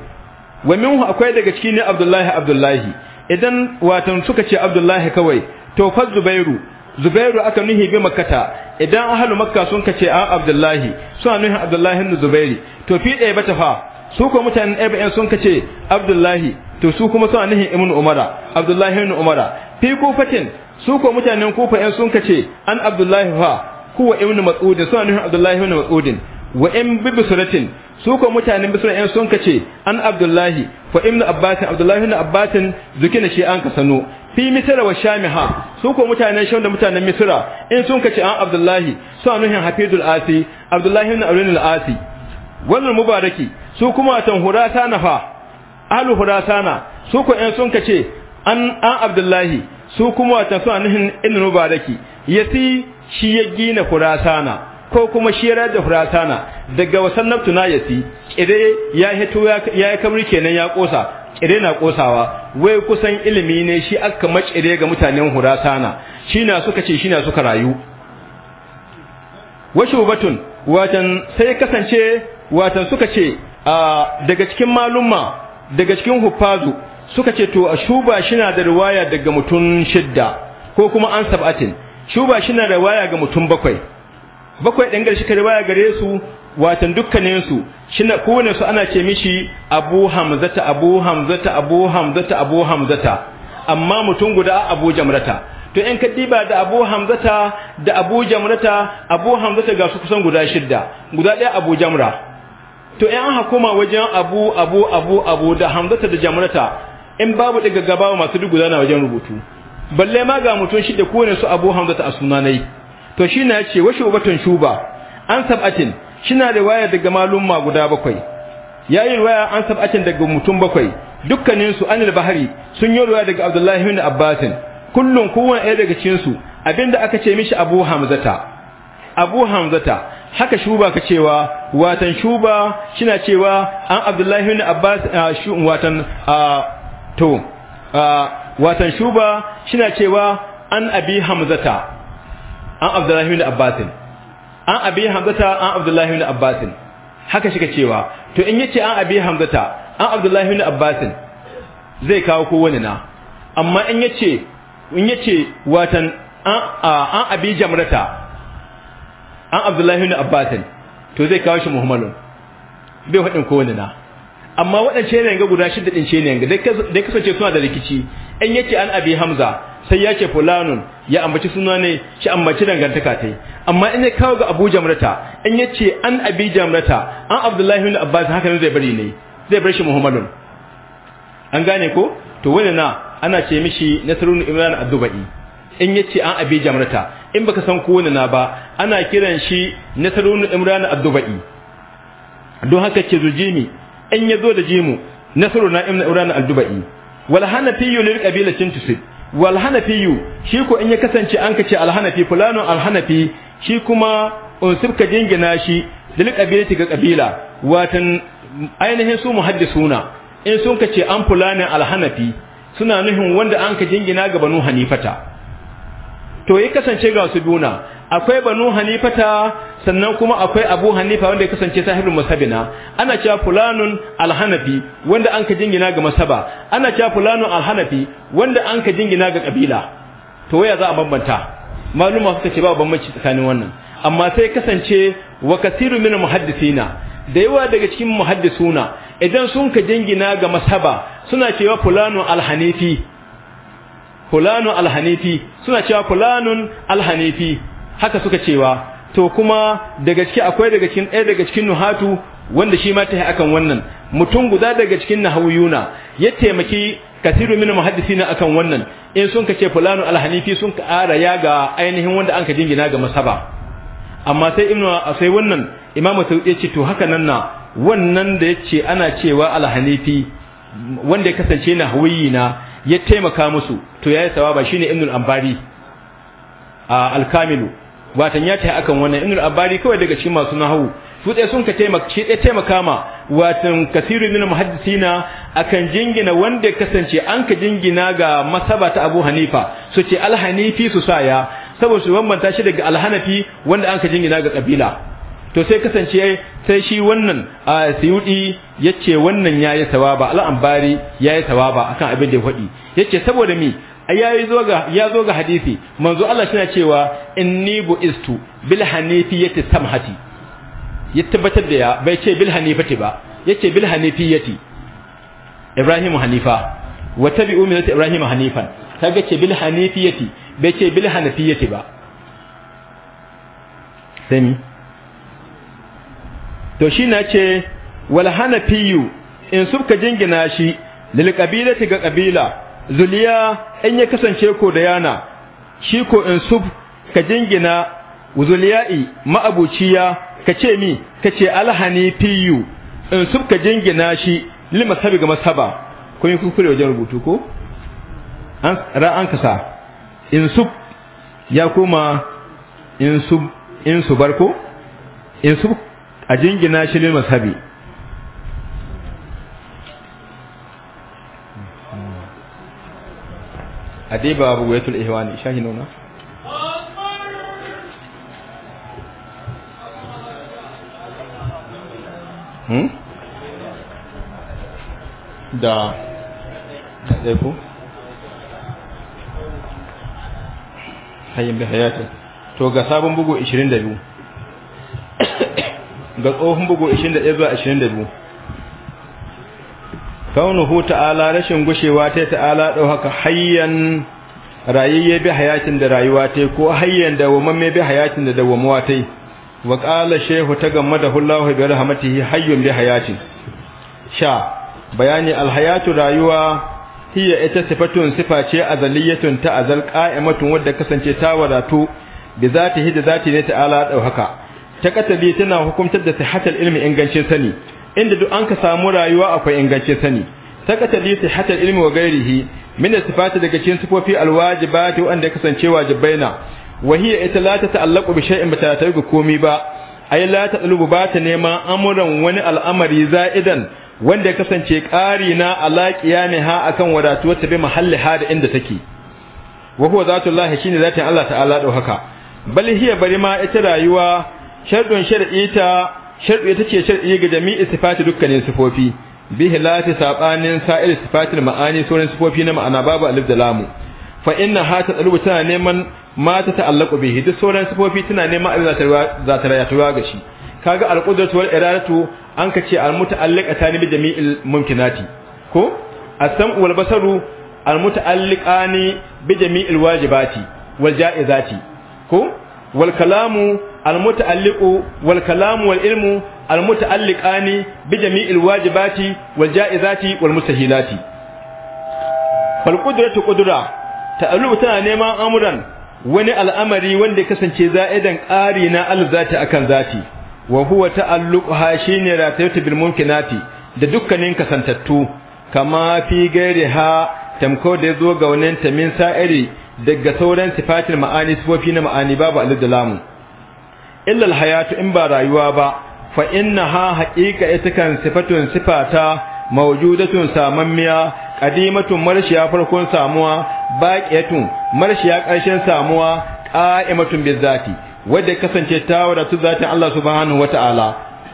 wa minhu akwai daga ciki ne Abdullahi Abdullahi idan watan suka ce Abdullahi kawai to fa Zubairu Zubairu aka nuhi bi Makkata idan ahlu Makka sun kace a Abdullahi suna nuhi Abdullahi ibn Zubairi to fi ɗaya bata fa su ko mutanen ɗaya sun kace Abdullahi to su kuma suna nuhi Ibn Umara Abdullahi ibn Umara fi kufatin su ko mutanen kufa ɗaya sun kace an Abdullahi fa huwa ibnu mas'ud suna nufin abdullahi ibnu mas'ud wa in bi bisratin su ko mutanen bisra in sun kace an abdullahi fa ibnu abbas abdullahi ibnu abbas zukina shi an kasano fi misra wa shamiha su ko mutanen sham da mutanen misra in sun kace an abdullahi suna nufin hafidul asi abdullahi ibnu abdul asi wannan mubaraki su kuma tan hurata nafa ahlu Hurasana su ko in sun kace an an abdullahi su kuma tan suna nufin ibnu mubaraki yasi shi ya gina furasana ko kuma shi ya da kurasana daga wasan naftu ya si kire ya hito ya yi kamar kenan ya kosa kire na kosawa wai kusan ilimi ne shi aka macire ga mutanen furasana shi na suka ce shi na suka rayu washu batun watan sai kasance watan suka ce daga cikin malumma daga cikin hufazu suka ce to a shuba shi na da riwaya daga mutum shidda ko kuma an sab'atin shuba shi na rawaya ga mutum bakwai bakwai ɗin garshi ka rawaya gare su watan dukkanin su na kowane su ana ce mishi abu hamzata abu hamzata abu hamzata abu hamzata amma mutum guda abu jamrata to in ka diba da abu hamzata da abu jamrata abu hamzata ga su kusan guda shidda guda ɗaya abu jamra to in an hakoma wajen abu abu abu abu da hamzata da jamrata in babu daga gaba masu duk guda na wajen rubutu balle ma ga mutum shi da kowane su abu hamzata a yi to shi na ce washe ubatan shuba an sab'atin da waya daga malumma guda bakwai yayi waya an sab'atin daga mutum bakwai dukkanin su anil bahari sun yi waya daga abdullahi ibn abbasin kullun kowanne ɗaya daga cikin su abinda aka ce mishi abu hamzata abu hamzata haka shuba ka cewa watan shuba shina cewa an abdullahi ibn abbas watan to watan shuba shina cewa an abi hamzata an abdullahi bin abbas an abi hamzata an abdullahi bin abbas haka shi ka cewa to in yace an abi hamzata an abdullahi bin abbas zai kawo ko wani na amma in yace in yace watan an abi jamrata an abdullahi bin abbas to zai kawo shi muhammadun bai hadin ko wani na amma waɗance ne ga guda shida din ce ne ga dai kasance suna da rikici in yake an abi hamza sai ya ce fulanun ya ambaci suna ne shi ambaci dangantaka ta amma in ya kawo ga abu jamrata in ya ce an abi jamrata an abdullahi bin abbas haka ne zai bari ne zai bar shi muhammadun an gane ko to wani na ana ce mishi nasarun imran addubai in ya ce an abi jamrata in baka san ko wani na ba ana kiran shi nasarun imran addubai don haka ce ne in ya zo da jimu nasarun imran addubai wal lil qabilatin tusib wal shi ko in ya kasance an kace alhanafi fulano alhanafi shi kuma unsib ka jingina shi lil qabilati ga qabila watan ainihin su muhaddisuna in sun kace an fulanin alhanafi suna nuhin wanda an ka jingina ga banu hanifata to ya kasance ga su duna akwai banu hanifata sannan kuma akwai abu hanifa wanda ya kasance sahibin masabina ana cewa fulanun alhanafi wanda an ka jingina ga masaba ana cewa fulanun alhanafi wanda an ka jingina ga kabila to waya za a bambanta maluma suka ce ba bambanci tsakanin wannan amma sai kasance wa kasiru min muhaddisina da yawa daga cikin muhaddisuna idan sun ka jingina ga masaba suna cewa fulanun alhanifi fulanun alhanifi suna cewa fulanun alhanifi haka suka cewa to kuma daga ciki akwai daga cikin ɗaya daga cikin nuhatu wanda shi ma ta yi akan wannan mutum guda daga cikin nahawiyuna ya taimaki kasiru min muhaddisina akan wannan in sun kace fulanu alhanifi sun ƙara ya ga ainihin wanda an ka jingina ga masaba amma sai ibnu sai wannan imamu sauki ce to haka nan na wannan da yace ana cewa alhanifi wanda ya kasance nahawiyina ya taimaka musu to yayi sawaba shine ibnul ambari a alkamilu watan ya tai akan wannan ibnul ambari kawai daga cikin masu nahwu su dai sun ka taimaka shi dai taimaka ma watan kasirin min muhaddisina akan jingina wanda kasance an ka jingina ga masaba ta Abu Hanifa su ce al-Hanifi su saya saboda su bambanta shi daga al-Hanafi wanda an ka jingina ga kabila to sai kasance sai shi wannan a siyudi yace wannan yayi tawaba al-ambari yayi tawaba akan abin da ya faɗi yace saboda mi yayi zo ga ya zo ga hadisi manzo Allah shi na cewa inni buistu bil hanifiyati samhati ya tabbatar da ya bai ce bil hanifati ba yace bil hanifiyati Ibrahim hanifa wa tabi'u min Ibrahim hanifan kaga ce bil hanifiyati bai ce bil hanifiyati ba sai to shi na ce wal hanafiyu in suka jingina shi lil qabilati ga qabila zuliya in ya kasance ko da yana shi ko in sub ka jingina zuliya'i ma'abuciya ka ce mi ka ce al hanifiyu in suka jingina shi lil masabi ga masaba kun yi kuskure wajen rubutu ko an ra an kasa in sub ya koma in sub in su barko in sub a jingina shi ne mashabi a dai ba abu waitul ihwani shahi nuna hmm? da da ku hayyin bi hayati to ga sabon bugu 22 ga tsohon bugu 21 zuwa 22 kaunuhu ta'ala rashin gushewa ta ta'ala ɗauka hayyan rayayye bi hayatin da rayuwa ta ko hayyan mamme bi hayatin da dawamuwa ta wa ƙala shehu ta gamma da hullahu bi rahmatihi hayyun bi hayatin sha bayani alhayatu rayuwa hiya ita sifatun sifa ce azaliyatun ta azal qa'imatun wadda kasance ta wadatu bi zatihi da zati ne ta'ala ɗauka ta katabi tana hukumtar da sihatar ilmi ingancin sani inda duk an ka samu rayuwa akwai ingancin sani ta katabi sihatal ilmi wa gairihi min sifati daga cikin sifofi alwajibati wanda ya kasance wajibaina wa hiya ita la ta ta'allaqu bi shay'in bata ta ga komai ba ay la ta dalubu ba ta neman amuran wani al'amari za'idan wanda ya kasance ƙari na ne ha akan wadatuwa ta bi mahalliha da inda take wa huwa zatullahi shine zatin Allah ta'ala dau haka bal hiya bari ma ita rayuwa shardun shar'i ta shar'i ta ce shar'i ga jami'i sifati dukkanin sifofi bi hilati sabanin sa'ir sifati ma'ani sauran sifofi na ma'ana babu alif da lamu fa inna hata ta tana neman ma ta ta'allaqu bihi duk sauran sifofi tana neman abin za ta rayatu ga shi kaga alqudratu wal iradatu an kace al ni bi jami'il mumkinati ko as-sam'u wal basaru al-muta'alliqani bi jami'il wajibati wal ja'izati ko wal kalamu al muta'alliqu wal kalamu wal ilmu al muta'alliqani bi jami'il wajibati wal ja'izati wal mustahilati fal qudratu qudra ta'allu tana neman amuran wani al'amari wanda kasance za'idan ƙari na al-zati akan zati wa huwa ta'alluqha shine ratayatu bil mumkinati da dukkanin kasantattu kama fi ha tamko da zo ga wannan tamin sa'iri daga sauran sifatin ma'ani sifofi na ma'ani babu alif da lamu illa alhayatu in ba rayuwa ba fa innaha haqiqa ita kan sifatun sifata mawjudatun samammiya qadimatun marshiya farkon samuwa baqiyatun marshiya ƙarshen samuwa qa'imatun bizati wanda kasance ta tu zatin Allah subhanahu wata'ala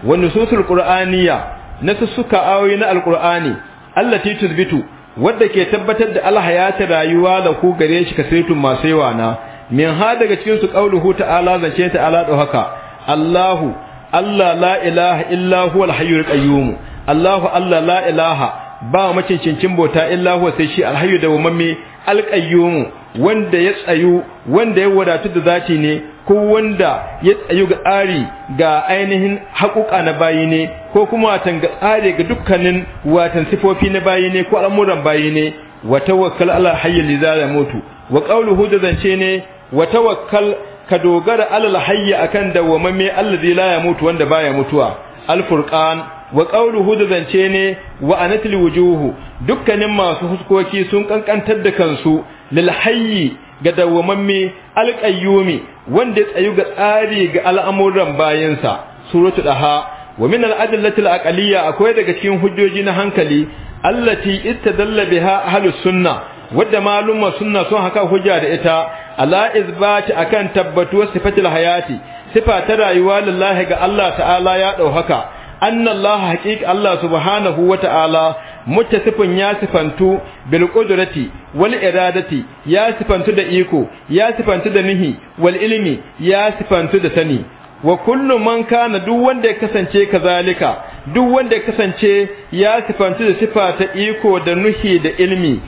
wa nususul qur'aniyya nasu suka ayoyi na alqur'ani allati tuzbitu wadda ke tabbatar da ta rayuwa da ku gare shi kasaitun masu yawa na min ha daga cikin su qauluhu ta'ala zance ta'ala da haka Allahu Allah la ilaha illa huwal hayyul qayyum Allahu Allah la ilaha ba macincincin bota illa huwa sai shi alhayyu da wamamme alqayyum wanda ya tsayu wanda ya wadatu da zati ne ko wanda ya tsayu ga tsari ga ainihin haƙuƙa na bayi ne ko kuma watan ga tsari ga dukkanin watan sifofi na bayi ne ko al'amuran bayi ne wa tawakkal ala za ya mutu wa qawluhu da zance ne wata tawakkal ka dogara alal hayyi akan dawwamamme allazi la mutu wanda baya mutuwa al wa qawluhu da zance ne wa anatil wujuhu dukkanin masu huskoki sun ƙanƙantar da kansu lil hayyi ga dawwamamme alqayyumi wanda ya tsayu ga tsari ga al'amuran bayansa suratu daha wa min al-adillati al akwai daga cikin hujjoji na hankali allati ittadalla biha ahlus sunna wadda malumma sunna sun haka hujja da ita ala izbati akan tabbatu sifatul hayati sifa ta rayuwa lillahi ga Allah ta'ala ya dau haka anna Allah haqiqa Allah subhanahu wa ta'ala muttasifin ya sifantu bil qudrati wal iradati ya sifantu da iko ya sifantu da nihi wal ilmi ya sifantu da sani wa kullu man kana duk wanda ya kasance kazalika duk wanda ya kasance ya sifantu da sifata iko da nuhi da ilmi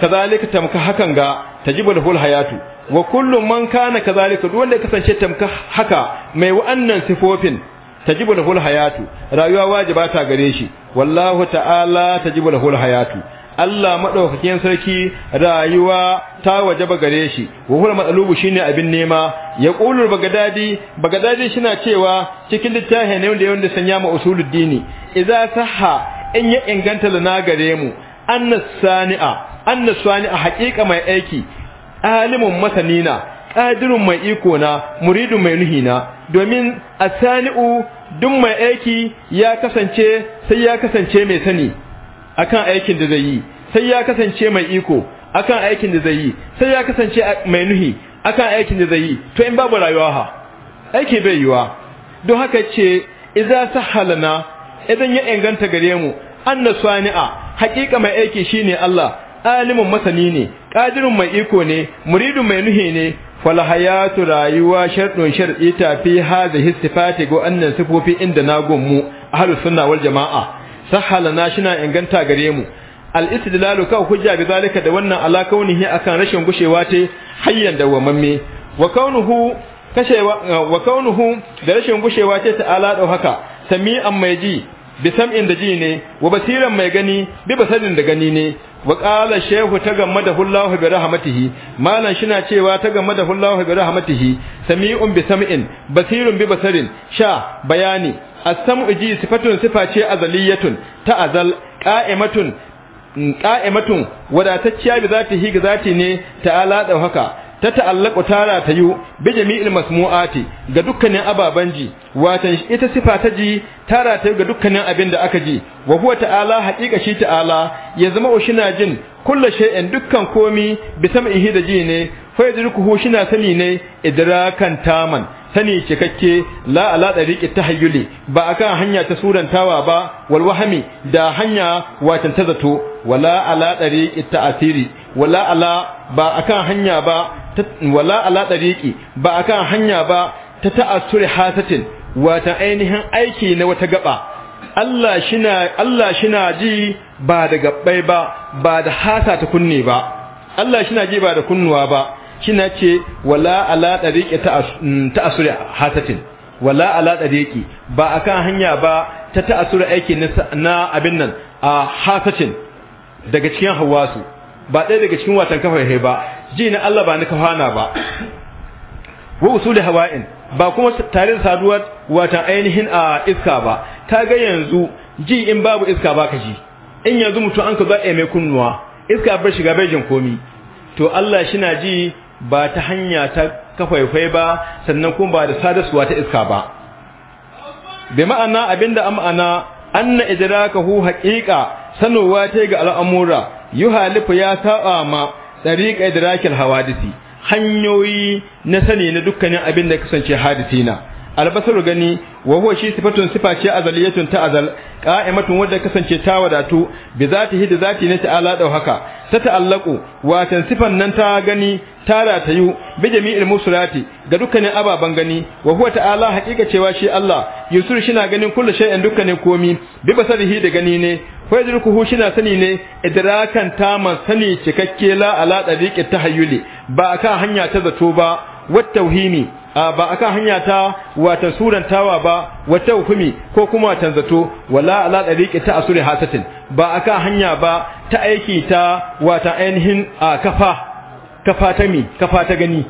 kazalika tamka hakan ga tajibul hul hayatu wa kullu man kana kazalika duk wanda ya kasance tamka haka mai wa'annan sifofin tajibu lahul hayatu rayuwa wajiba ta gare shi wallahu ta'ala tajibu lahul hayatu Allah madaukakin sarki rayuwa ta wajaba gare shi wahul huwa shine abin nema ya qulul bagadadi bagadadi shina cewa cikin littafin ne wanda yanda sanya mu usuluddini idza sahha in ya inganta lana gare mu annas sani'a annas sani'a haqiqa mai aiki alimun masanina Ƙadirin mai iko na muridu mai nuhi na domin asani'u duk mai aiki ya kasance sai ya kasance mai sani akan aikin da zai yi sai ya kasance mai iko akan aikin da zai yi sai ya kasance mai nuhi akan aikin da zai yi to in babu rayuwa ha aiki bai yiwa don haka ce idza sahalana idan ya inganta gare mu anna sani'a haƙiƙa mai aiki shine Allah alimin masani ne ƙadirin mai iko ne muridin mai nuhi ne falhayatu rayuwa sharɗin sharɗi ta fi hadhihi sifati go annan sifofi inda na gummu ahlus sunna wal jamaa sahala na shina inganta gare mu al istidlalu ka hujja bi zalika da wannan ala kaunihi akan rashin gushewa te hayyan wamme wa kaunuhu kashewa wa kaunuhu da rashin gushewa te ala dau haka sami'an mai ji bi sam'in da ji ne wa basiran mai gani bi basarin da gani ne wa Shehu ta tagamma da hullahu bi rahmatihi malan shina cewa ta tagamma da hullahu bi rahmatihi sami'un bi sam'in basirun bi basarin sha bayani as-sam'u ji sifatun sifa ce azaliyatun ta azal qa'imatun qa'imatun wadatacciya bi higa zati ne ta'ala da haka ta ta'allaqu tara ta yu bi jami'il masmu'ati ga dukkanin ababan ji watan ita sifa ta ji tara ta ga dukkanin abin da aka ji wa huwa ta'ala haqiqa shi ta'ala ya zama ushina jin kullu shay'in dukkan komi bi sam'ihi da ji ne fa yadrukuhu shina sani ne idrakan taman sani cikakke la ala dariqi tahayyuli ba kan hanya ta surantawa ba wal wahmi da hanya watan ta zato wala ala dariqi ta'asiri wala ala ba akan hanya ba wala ala dariqi ba akan hanya ba ta ta'assuri hasatin wata ainihin aiki na wata gaba Allah shina Allah shina ji ba da gabbai ba ba da hasa ta kunne ba Allah shina ji ba da kunnuwa ba shina ce wala ala dariqi mm, ta'assuri hasatin wala ala dariqi ba akan hanya ba ta ta'assuri aiki na abin nan a hasatin daga cikin hawasu ba ɗaya daga cikin watan kafa ba ji na Allah ba ni kafana ba wa usuli hawa'in ba kuma tare da saduwar wata ainihin a iska ba ta ga yanzu ji in babu iska ba ka ji in yanzu mutum an ka zaɓe mai kunnuwa iska bar shiga bai jin komi to Allah shi na ji ba ta hanya ta kafaifai ba sannan kuma ba da sadarsuwa ta iska ba bi ma'ana abinda an ma'ana anna idrakahu haqiqa sanowa ta ga al'amura yuhalifu ya sa'a ma dariqa idrakil hawadisi hanyoyi na sani na dukkanin abin da kasance hadisi na albasar gani wa huwa shi sifatun sifa ce azaliyatun ta azal qa'imatun wadda kasance ta wadatu bi zatihi da zati ne ta'ala dau haka ta ta'allaqu wa tan sifan nan ta gani ta ratayu bi jami'il musulati ga dukkanin ababan gani wa huwa ta'ala haqiqa cewa shi Allah yusur shina ganin kullu shay'in dukkanin komi bi basarihi da gani ne wai shi shina sani ne idrakan taman sani cikakke la ala dariqi tahayyuli ba akan hanya ta zato ba wat tauhimi ba kan hanya ta wata surantawa ba wata hukumi ko kuma watan zato wala ala dariqi ta asuri hasatin ba kan hanya ba ta aiki ta wata ainihin kafa kafa ta mi kafa ta gani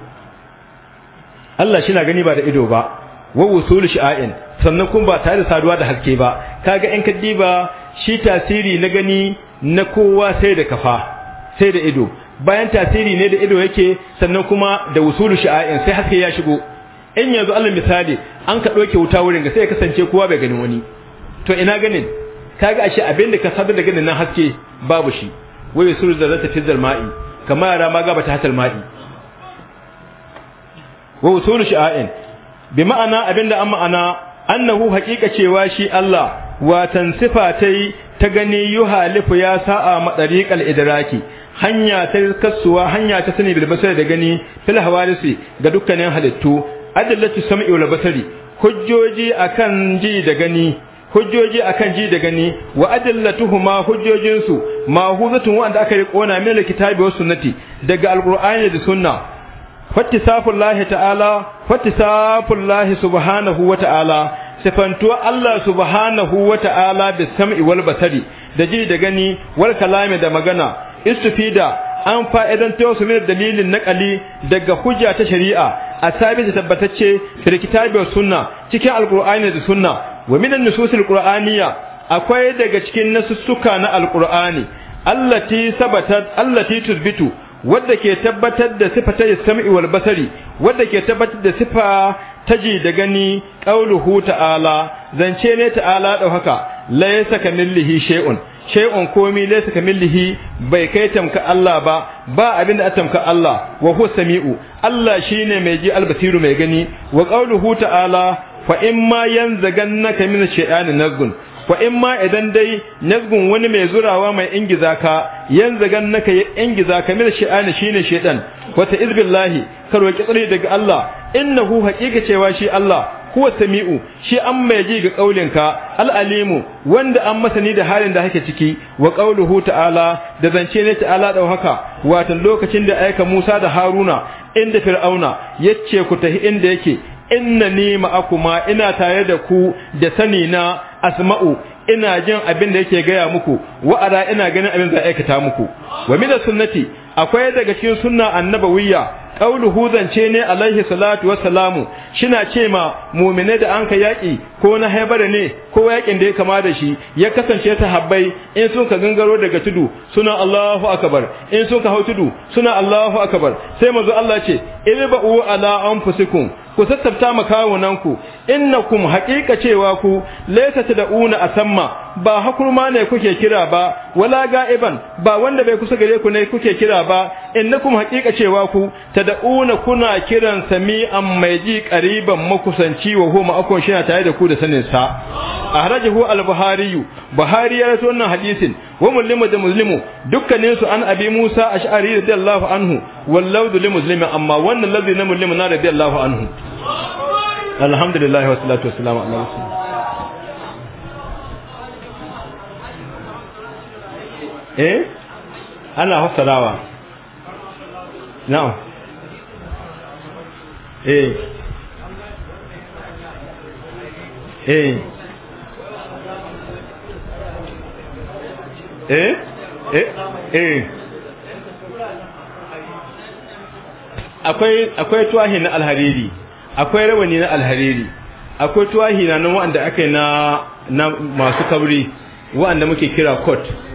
Allah shi na gani ba da ido ba wa wusul sha'in sannan kuma ba tare da saduwa da haske ba Ka kaga in diba shi tasiri na gani na kowa sai da kafa sai da ido bayan tasiri ne da ido yake sannan kuma da wusulu sha'a'in sai haske ya shigo in yanzu Allah misali an ka ɗauke wuta wurin ga sai ya kasance kowa bai gani wani to ina ganin kaga ashe abin da ka sadar da ganin nan haske babu shi wai wusulu da zata fi ma'i kamar yara ma gaba ta hasal ma'i wa wusulu sha'a'in bi ma'ana abinda an ma'ana annahu haqiqa cewa shi Allah watan sifatai ta gani yuhalifu ya sa'a madariqal idraki hanya ta kasuwa hanya ta sani bil basari da gani fil hawarisi ga dukkanin halittu adallatu sam'i wal basari hujjoji akan ji da gani hujjoji akan ji da gani wa adallatuhuma ma mahuzatun wanda aka yi kona min kitabi wa sunnati daga alqur'ani da sunna fattisafun lahi ta'ala fattisafun lahi subhanahu wa ta'ala sifantuwa Allah subhanahu wa ta'ala bi sam'i wal basari da ji da gani wal kalami da magana istufida an ta su min dalilin naƙali daga hujja ta shari'a a da tabbatacce da kitabi wa sunna cikin alƙur'ani da sunna wa min an akwai daga cikin nasussuka na alƙur'ani. allati sabatat allati wadda ke tabbatar da sifa ta wal basari wadda ke tabbatar da sifa ta ji da gani ƙa'uluhu ta'ala zance ne ta'ala ɗau haka laysa kamillihi shay'un on komi laysa kamillihi bai kai tamka Allah ba ba abin da tamka Allah wa huwa sami'u Allah shine mai ji albasiru mai gani wa qauluhu ta'ala fa ma yanzagannaka min shay'anin nazgun fa ma idan dai nazgun wani mai zurawa mai ingiza ka yanzagannaka ya ingiza ka min shay'anin shine shaytan wa ta'iz billahi roki tsare daga Allah innahu haqiqa cewa shi Allah Kuwa sami'u shi an mai ji ga kaulinka al'alimu wanda an masani da halin da hake ciki wa qauluhu ta'ala da zance ne ta'ala dau haka watan lokacin da aika Musa da Haruna inda Fir'auna yace ku tahi inda yake inna ni ma'akuma ina tare da ku da sani na asma'u ina jin abin da yake gaya muku wa ina ganin abin da aikata muku wa min sunnati akwai daga cikin sunna annabawiyya qauluhu zance ne alaihi salatu wassalamu shina ce ma mu'mine da an ka yaki ko na haibara ne ko yakin da ya kama da shi ya kasance ta habbai, in sun ka gangaro daga tudu suna Allahu akbar in sun ka hau tudu suna Allahu akbar sai manzo Allah ce ilba'u ala anfusikum ku sassafta makawunanku innakum haƙiƙa cewa ku laysa tad'una asamma ba hakurma ne kuke kira ba wala ga'iban ba wanda bai kusa gare ku ne kuke kira ba innakum haqiqa cewa ku tad'una kuna kiran sami'an mai ji qariban makusanci wa huwa akon shi tare da ku da sanin sa ahrajahu al-buhari buhari ya rawaito wannan hadisin wa muslimu da muslimu dukkanin su an abi musa ash'ari radiyallahu anhu wallahu li muslimi amma wannan ladhi na muslimu na radiyallahu anhu alhamdulillah wa salatu wassalamu ala rasulillah eh ana fassarawa na'am eh. eh eh eh eh akwai akwai tuwahi na alhariri akwai rawani na alhariri akwai tuwahi na nan wanda aka yi na masu kabri wa'anda muke kira court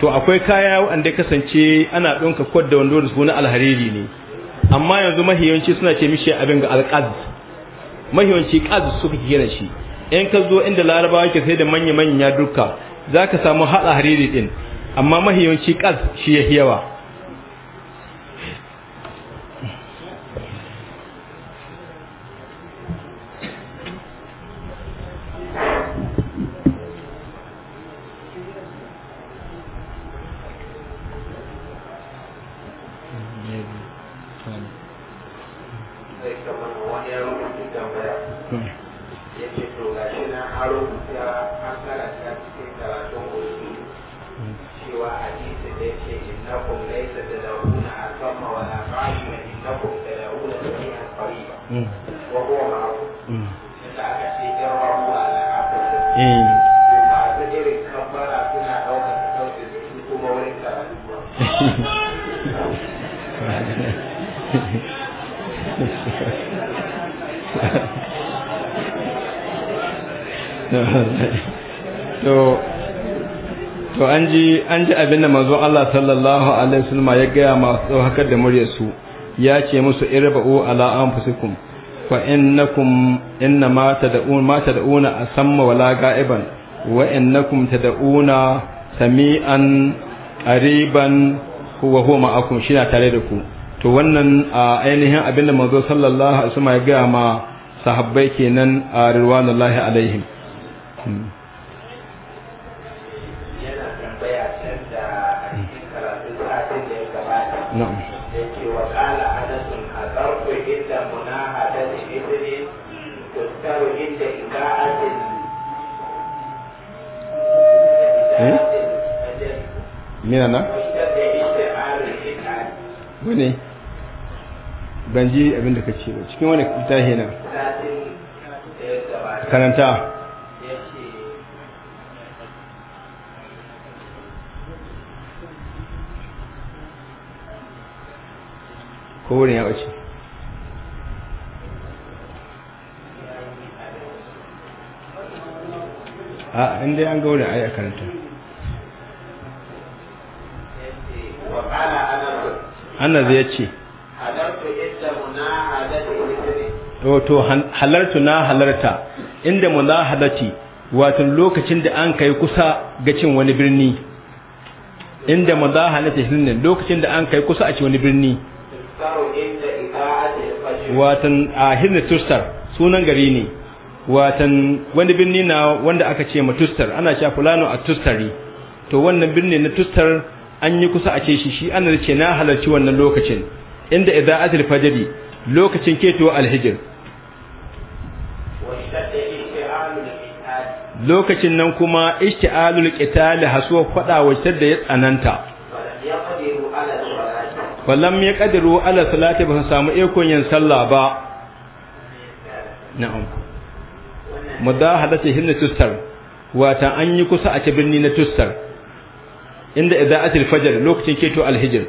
to akwai kaya wanda kasance ana ɗonka kod da wando da suna alhariri ne amma yanzu mahiyanci suna ce mishi abin ga alƙaz mahiyanci ƙaz suka gina shi in ka zo inda larabawa ke sai da manya-manya duka za ka samu haɗa hariri ɗin amma mahiyanci ƙaz shi ya yawa sani wani ya rubuta tambaya ya ce to na an rubuta an cewa da ce innakum mm. laysa tadawuna asamma wa la qa'ima innakum tadawuna sami'an ce <laughs> to to an ji an ji abin da manzon Allah sallallahu alaihi wasallam ya gaya masu hakar da muryarsu ya ce musu irba'u ala anfusikum fa innakum innama tad'un ma tad'un asamma wala ga'iban wa innakum tad'una sami'an qariban huwa huwa ma'akum shi na tare da ku to wannan ainihin abin da manzo sallallahu alaihi wasallam ya gaya ma sahabbai kenan a rirwanullahi alaihim Hmm. yana tambaya can ke Mina hmm? na? Wani? Ban ji abin da ka ce ba, cikin wani littafi na? Karanta. ko wurin ya ɓace a inda an ga wurin yi a karanta anna zai ce to halartu na halarta inda mu na halarci wato lokacin da an kai kusa ga cin wani birni inda mu za halarta lokacin da an kai kusa a ci wani birni watan a hizna tustar sunan gari ne watan wani birni na wanda aka ce ma tustar ana sha fulano a tustari to wannan birni na tustar an yi kusa a ce shi shi ana ce na halarci wannan lokacin inda idza'atul fajri lokacin keto alhijr lokacin nan kuma ishti'alul qital hasuwa fada wacce da ya tsananta falam ya kadiru ala salati ba su samu ikon yin sallah ba na'am mudahadati hinna tustar wata an yi kusa a birni na tustar inda idaatul fajr lokacin keto alhijr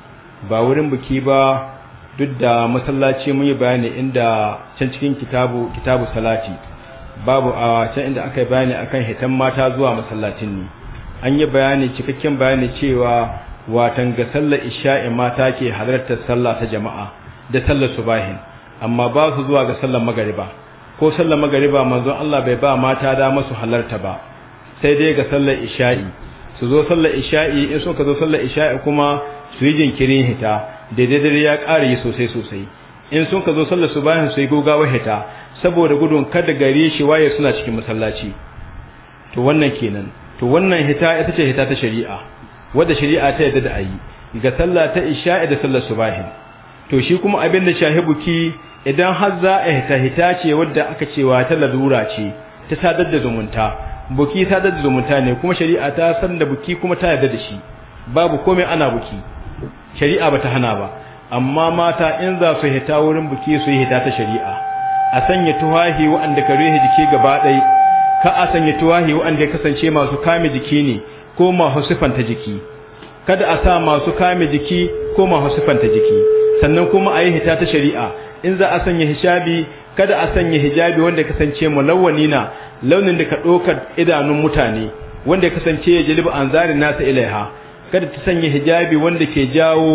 ba wurin buki ba duk da masallaci mun yi bayani inda can cikin kitabu kitabu salati babu a can inda aka yi bayani akan hitan mata zuwa masallacin ne an yi bayani cikakken bayani cewa watan ga sallar isha'i mata ke halartar sallah ta jama'a da sallar subahin amma ba su zuwa ga sallar magariba ko sallar magariba manzon Allah bai ba mata dama su halarta ba sai dai ga sallar isha'i su zo sallar isha'i in so ka zo sallar isha'i kuma su yi jinkirin hita daidai ya ƙara yi sosai sosai in sun ka zo sallar su bayan su yi gogawa hita saboda gudun kada gare shi waye suna cikin masallaci to wannan kenan to wannan hita ita ce hita ta shari'a wadda shari'a ta yadda da ayi ga sallah ta isha'i da sallar subahin to shi kuma abin da buki, idan har za a hita hita ce wadda aka cewa ta lalura ce ta sadar da zumunta buki sadar da zumunta ne kuma shari'a ta san da buki kuma ta yarda da shi babu komai ana buki shari'a ta hana ba amma mata in za su hita wurin buki su yi hita ta shari'a a sanya tuwahi wa'anda ka rehe jiki gaba ɗai ka a sanya tuwahi wa'anda ya kasance masu kame jiki ne ko masu siffanta jiki kada a sa masu kame jiki ko masu siffanta jiki sannan kuma a yi hita ta shari'a in za a sanya hijabi kada a sanya hijabi wanda ya kasance lawani na launin da ka ɗaukar idanun mutane wanda ya kasance ya jalibu an zari nasa ilaiha kada ta sanya hijabi wanda ke jawo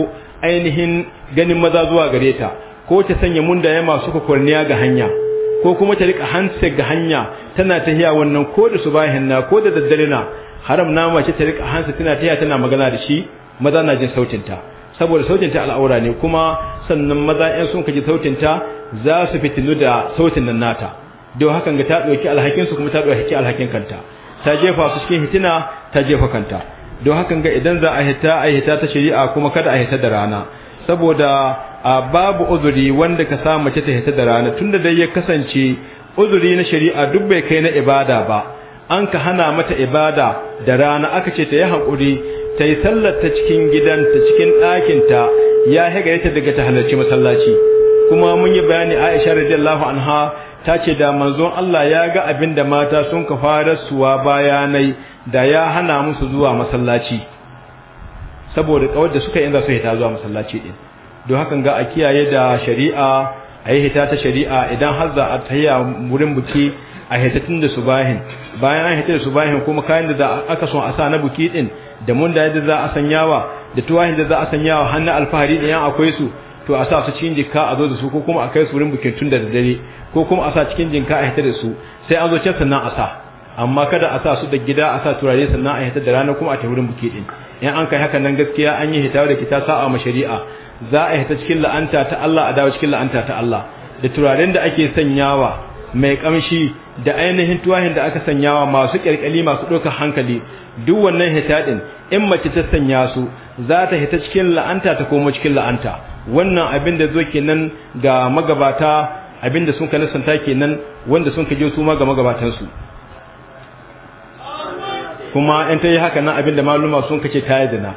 ainihin ganin maza zuwa gare ta ko ta sanya mundaye masu kwakwarniya ga hanya ko kuma ta rika handset ga hanya tana tahiya wannan ko da subahin na ko da daddare na haram na mace ta rika handset tana tahiya tana magana da shi maza na jin sautin ta saboda sautin ta al'aura ne kuma sannan maza ɗan sun kaji sautin ta za su fitilu da sautin nan nata don hakan ga ta ɗauki su kuma ta ɗauki alhakin kanta ta jefa su cikin hitina ta jefa kanta don hakan ga idan za a hita a hita ta shari'a kuma kada a hita da rana saboda a babu uzuri wanda ka sa mace ta hita da rana tunda dai ya kasance uzuri na shari'a duk bai kai na ibada ba an ka hana mata ibada da rana aka ce ta yi hakuri ta yi sallar ta cikin gidanta cikin ɗakinta ya hega daga ta halarci masallaci kuma mun yi bayani Aisha radiyallahu anha ta ce da manzon Allah ya ga abin da mata sun ka fara suwa bayanai da ya hana musu zuwa masallaci saboda kawar da suka yi inda su hita zuwa masallaci din don hakan ga a kiyaye da shari'a a yi hita ta shari'a idan har za a tahiya wurin buki a hitattun da su bayan an hita da su bahin kuma kayan da aka son a sa na buki din da mun da yadda za a sanyawa da tuwahin da za a sanyawa hannun alfahari ɗin yan akwai su to a sa su cikin jinka a zo da su ko kuma a kai su wurin bukin tun da dare ko kuma a sa cikin jinka a hita da su sai an zo can sannan a sa amma kada a sa su da gida a sa turare sannan a hita da rana kuma a ta wurin buki din in an kai haka nan gaskiya an yi hita da kita sa'a ma shari'a za a hita cikin la'anta ta Allah a dawo cikin la'anta ta Allah da turaren da ake sanyawa mai kamshi da ainihin tuwahin da aka sanyawa masu kyalkyali masu ɗaukar hankali duk wannan hita din in mace ta sanya su za ta hita cikin la'anta ta komo cikin la'anta wannan abin da zo kenan ga magabata abin da sun ka nisanta kenan wanda sun ka je su ma ga magabatansu kuma in ta yi haka nan abin da maluma sun ka ce ta yi zina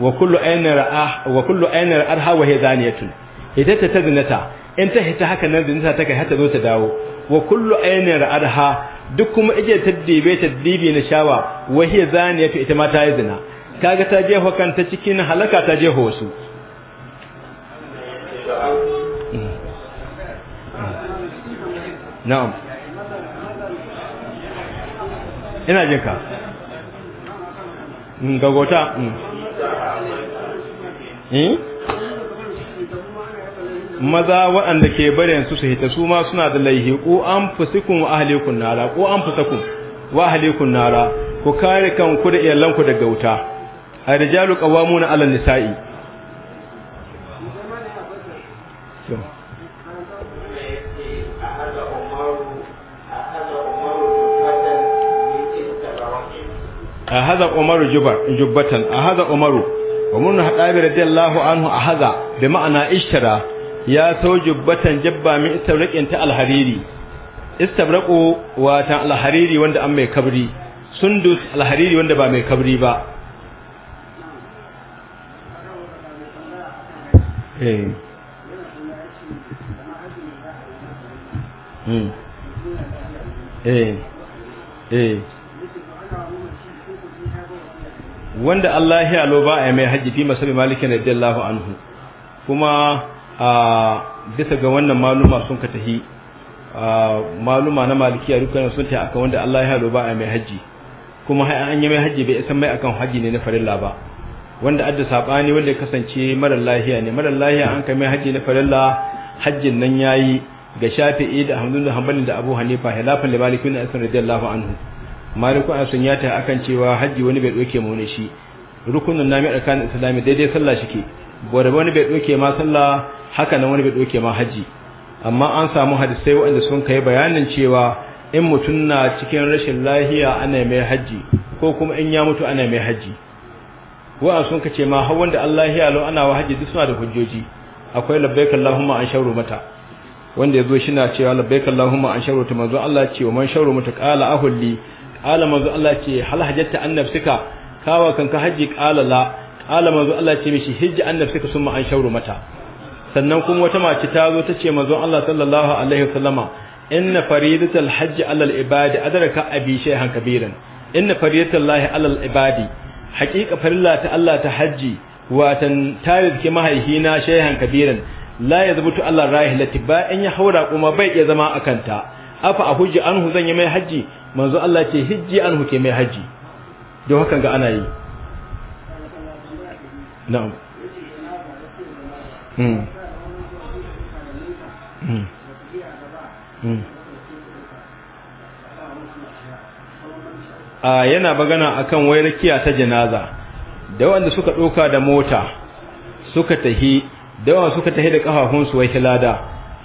wa kullu ainihin arha wa hezaniyatun ita ta ta zinata in ta hita haka nan zinata ta kai hata zo ta dawo wa kullu ainihin arha duk kuma ije ta dibe ta dibe na shawa wa hezaniyatun ita ma ta yi zina kaga ta jeho kanta cikin halaka ta jeho wasu Mm. na'am ina jin ka mm, gagota mm. Eh? maza waɗanda ke barin su su hita su ma suna da laihi ko an fusikun wa ahlikun nara ko an fusakun wa ahlikun nara ku kare kanku da iyalanku daga wuta a rijalu qawwamuna 'ala nisa'i a haza umaru jubbatan a haza umaru wa na hadabi radiyallahu anhu a haza da ma'ana ishtara ya so jubbatan jabba min istabraqin ta alhariri istabraqu wa ta alhariri wanda an mai kabri sundus alhariri wanda ba mai kabri ba eh eh eh wanda Allah ya lo ba a mai haji fi masabi malikin radiyallahu anhu kuma a bisa ga wannan maluma sun ka tahi maluma na maliki a dukkan sun ta akan wanda Allah ya lo ba a mai haji kuma har an yi mai haji bai san mai akan haji ne na farilla ba wanda adda sabani wanda ya kasance marar lahiya ne marar lahiya an kai mai haji na farilla hajjin nan yayi ga Shafi'i da hamdulillah da Hanbali da Abu Hanifa hilafan da Malikin radiyallahu anhu maliku an sun yata akan cewa hajji wani bai doke mu ne shi rukunin nami arkan islami daidai sallah shike bore wani bai doke ma sallah haka nan wani bai doke ma hajji. amma an samu hadisai wanda sun kai bayanin cewa in mutum na cikin rashin lahiya ana mai haji ko kuma in ya mutu ana mai haji wa'a sun kace ma har wanda Allah ya lo ana wa haji duk suna da hujjoji akwai labbaik Allahumma an shauru mata wanda yazo shi na cewa labbaik Allahumma an shauru ta manzo Allah ce wa man shauru mata qala ahulli qala manzo Allah ce hal hajjatta an nafsika kawa kanka haji qala la qala manzo Allah ce mishi hijji an nafsika summa an shauru mata sannan kuma wata mace ta zo ta ce manzo Allah sallallahu alaihi wasallama inna faridatal hajji alal ibadi adraka abi shayhan kabiran inna faridatal lahi alal ibadi haqiqa farilla ta Allah ta hajji watan tarike mahaihina shayhan kabiran la yazbutu Allah rahilati ba in ya haura kuma bai iya zama akanta afa a hujji anhu zan yi mai hajji manzo Allah ce hijji anhu ke mai hajji don hakan ga ana yi na'am hmm, hmm. hmm. a yana bagana akan wai rakiya ta janaza da wanda suka doka da mota suka tahi da wanda suka tahi da kafafunsu wai hilada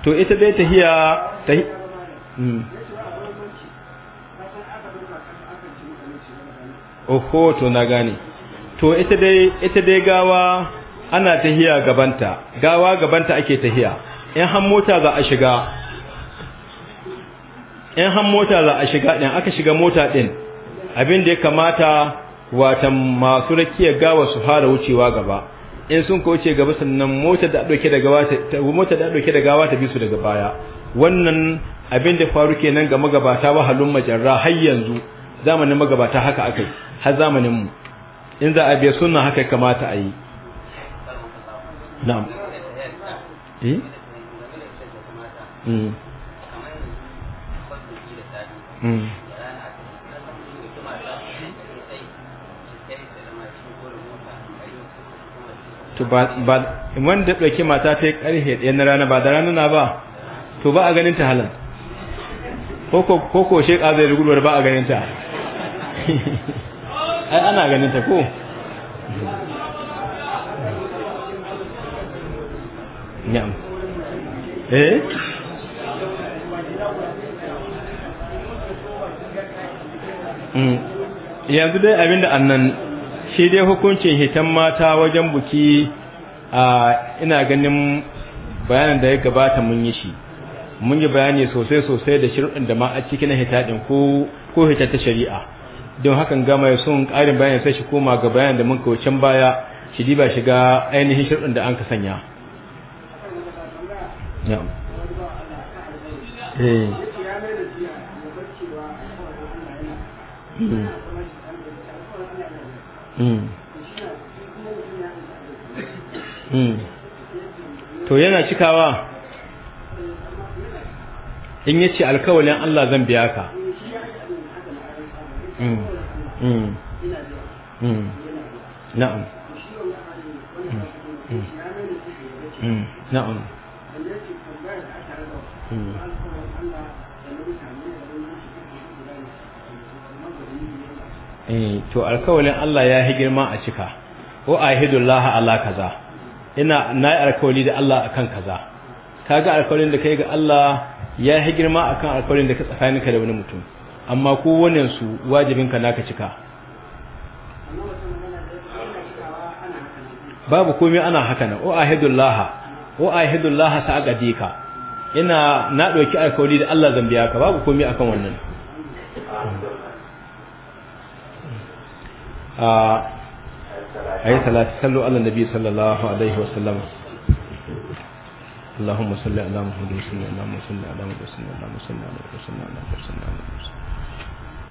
to ita dai tahiya Mm. oho to na gane to ita dai ita dai gawa ana tahiya gabanta gawa gabanta ake tahiya in han mota za a shiga in han mota za a shiga din aka shiga mota din abin da ya kamata watan masu rakiya gawa su fara wucewa gaba in sun kauce gaba sannan mota da dauke da mota da dauke da gawa ta bi su daga baya wannan abin da faru kenan ga magabata wahalun majarra har yanzu zamanin magabata haka akai har zamanin mu in za a biya sunna haka kamata a yi na'am eh mm mm to ba wanda dauki mata ta yi karhe ɗaya na rana ba da rana na ba to ba a ganin ta halan ko ko shek azai rigulwar ba a ganin ta <laughs> ai ana ganin ta ko na'am eh mm. yanzu dai abinda annan shi dai hukuncin hitan mata wajen buki a ina ganin bayanin da ya gabata mun yi shi mun yi bayani sosai sosai da shirin da ma a cikin hitadin ko ko hita ta shari'a don hakan gama ya son ƙarin bayan sai shi koma ga bayan da mun kawacin baya shi diba shiga ainihin shirin da an ka sanya eh. hmm. Hmm. Hmm. to yana cikawa in yace alkawalin Allah zan biya ka mm. Mm. Mm. na'am na'am eh, to alkawalin Allah ya yi girma a cika ko ahidullah ala kaza ina nayi alkawali da Allah akan kaza kaga alkawalin da kai ga Allah ya yi girma akan alkawarin da ka tsakaninka da wani mutum amma ko wannan su wajibinka naka cika babu komai ana haka o ahidullah o ahidullah sa ka ina na dauki alkawari da Allah zan biya ka babu komai akan wannan a ayi salatu sallu ala nabi sallallahu alaihi wasallam اللهم صل على محمد وسلم اللهم صل على محمد وسلم اللهم صل على محمد وسلم اللهم صل على محمد وسلم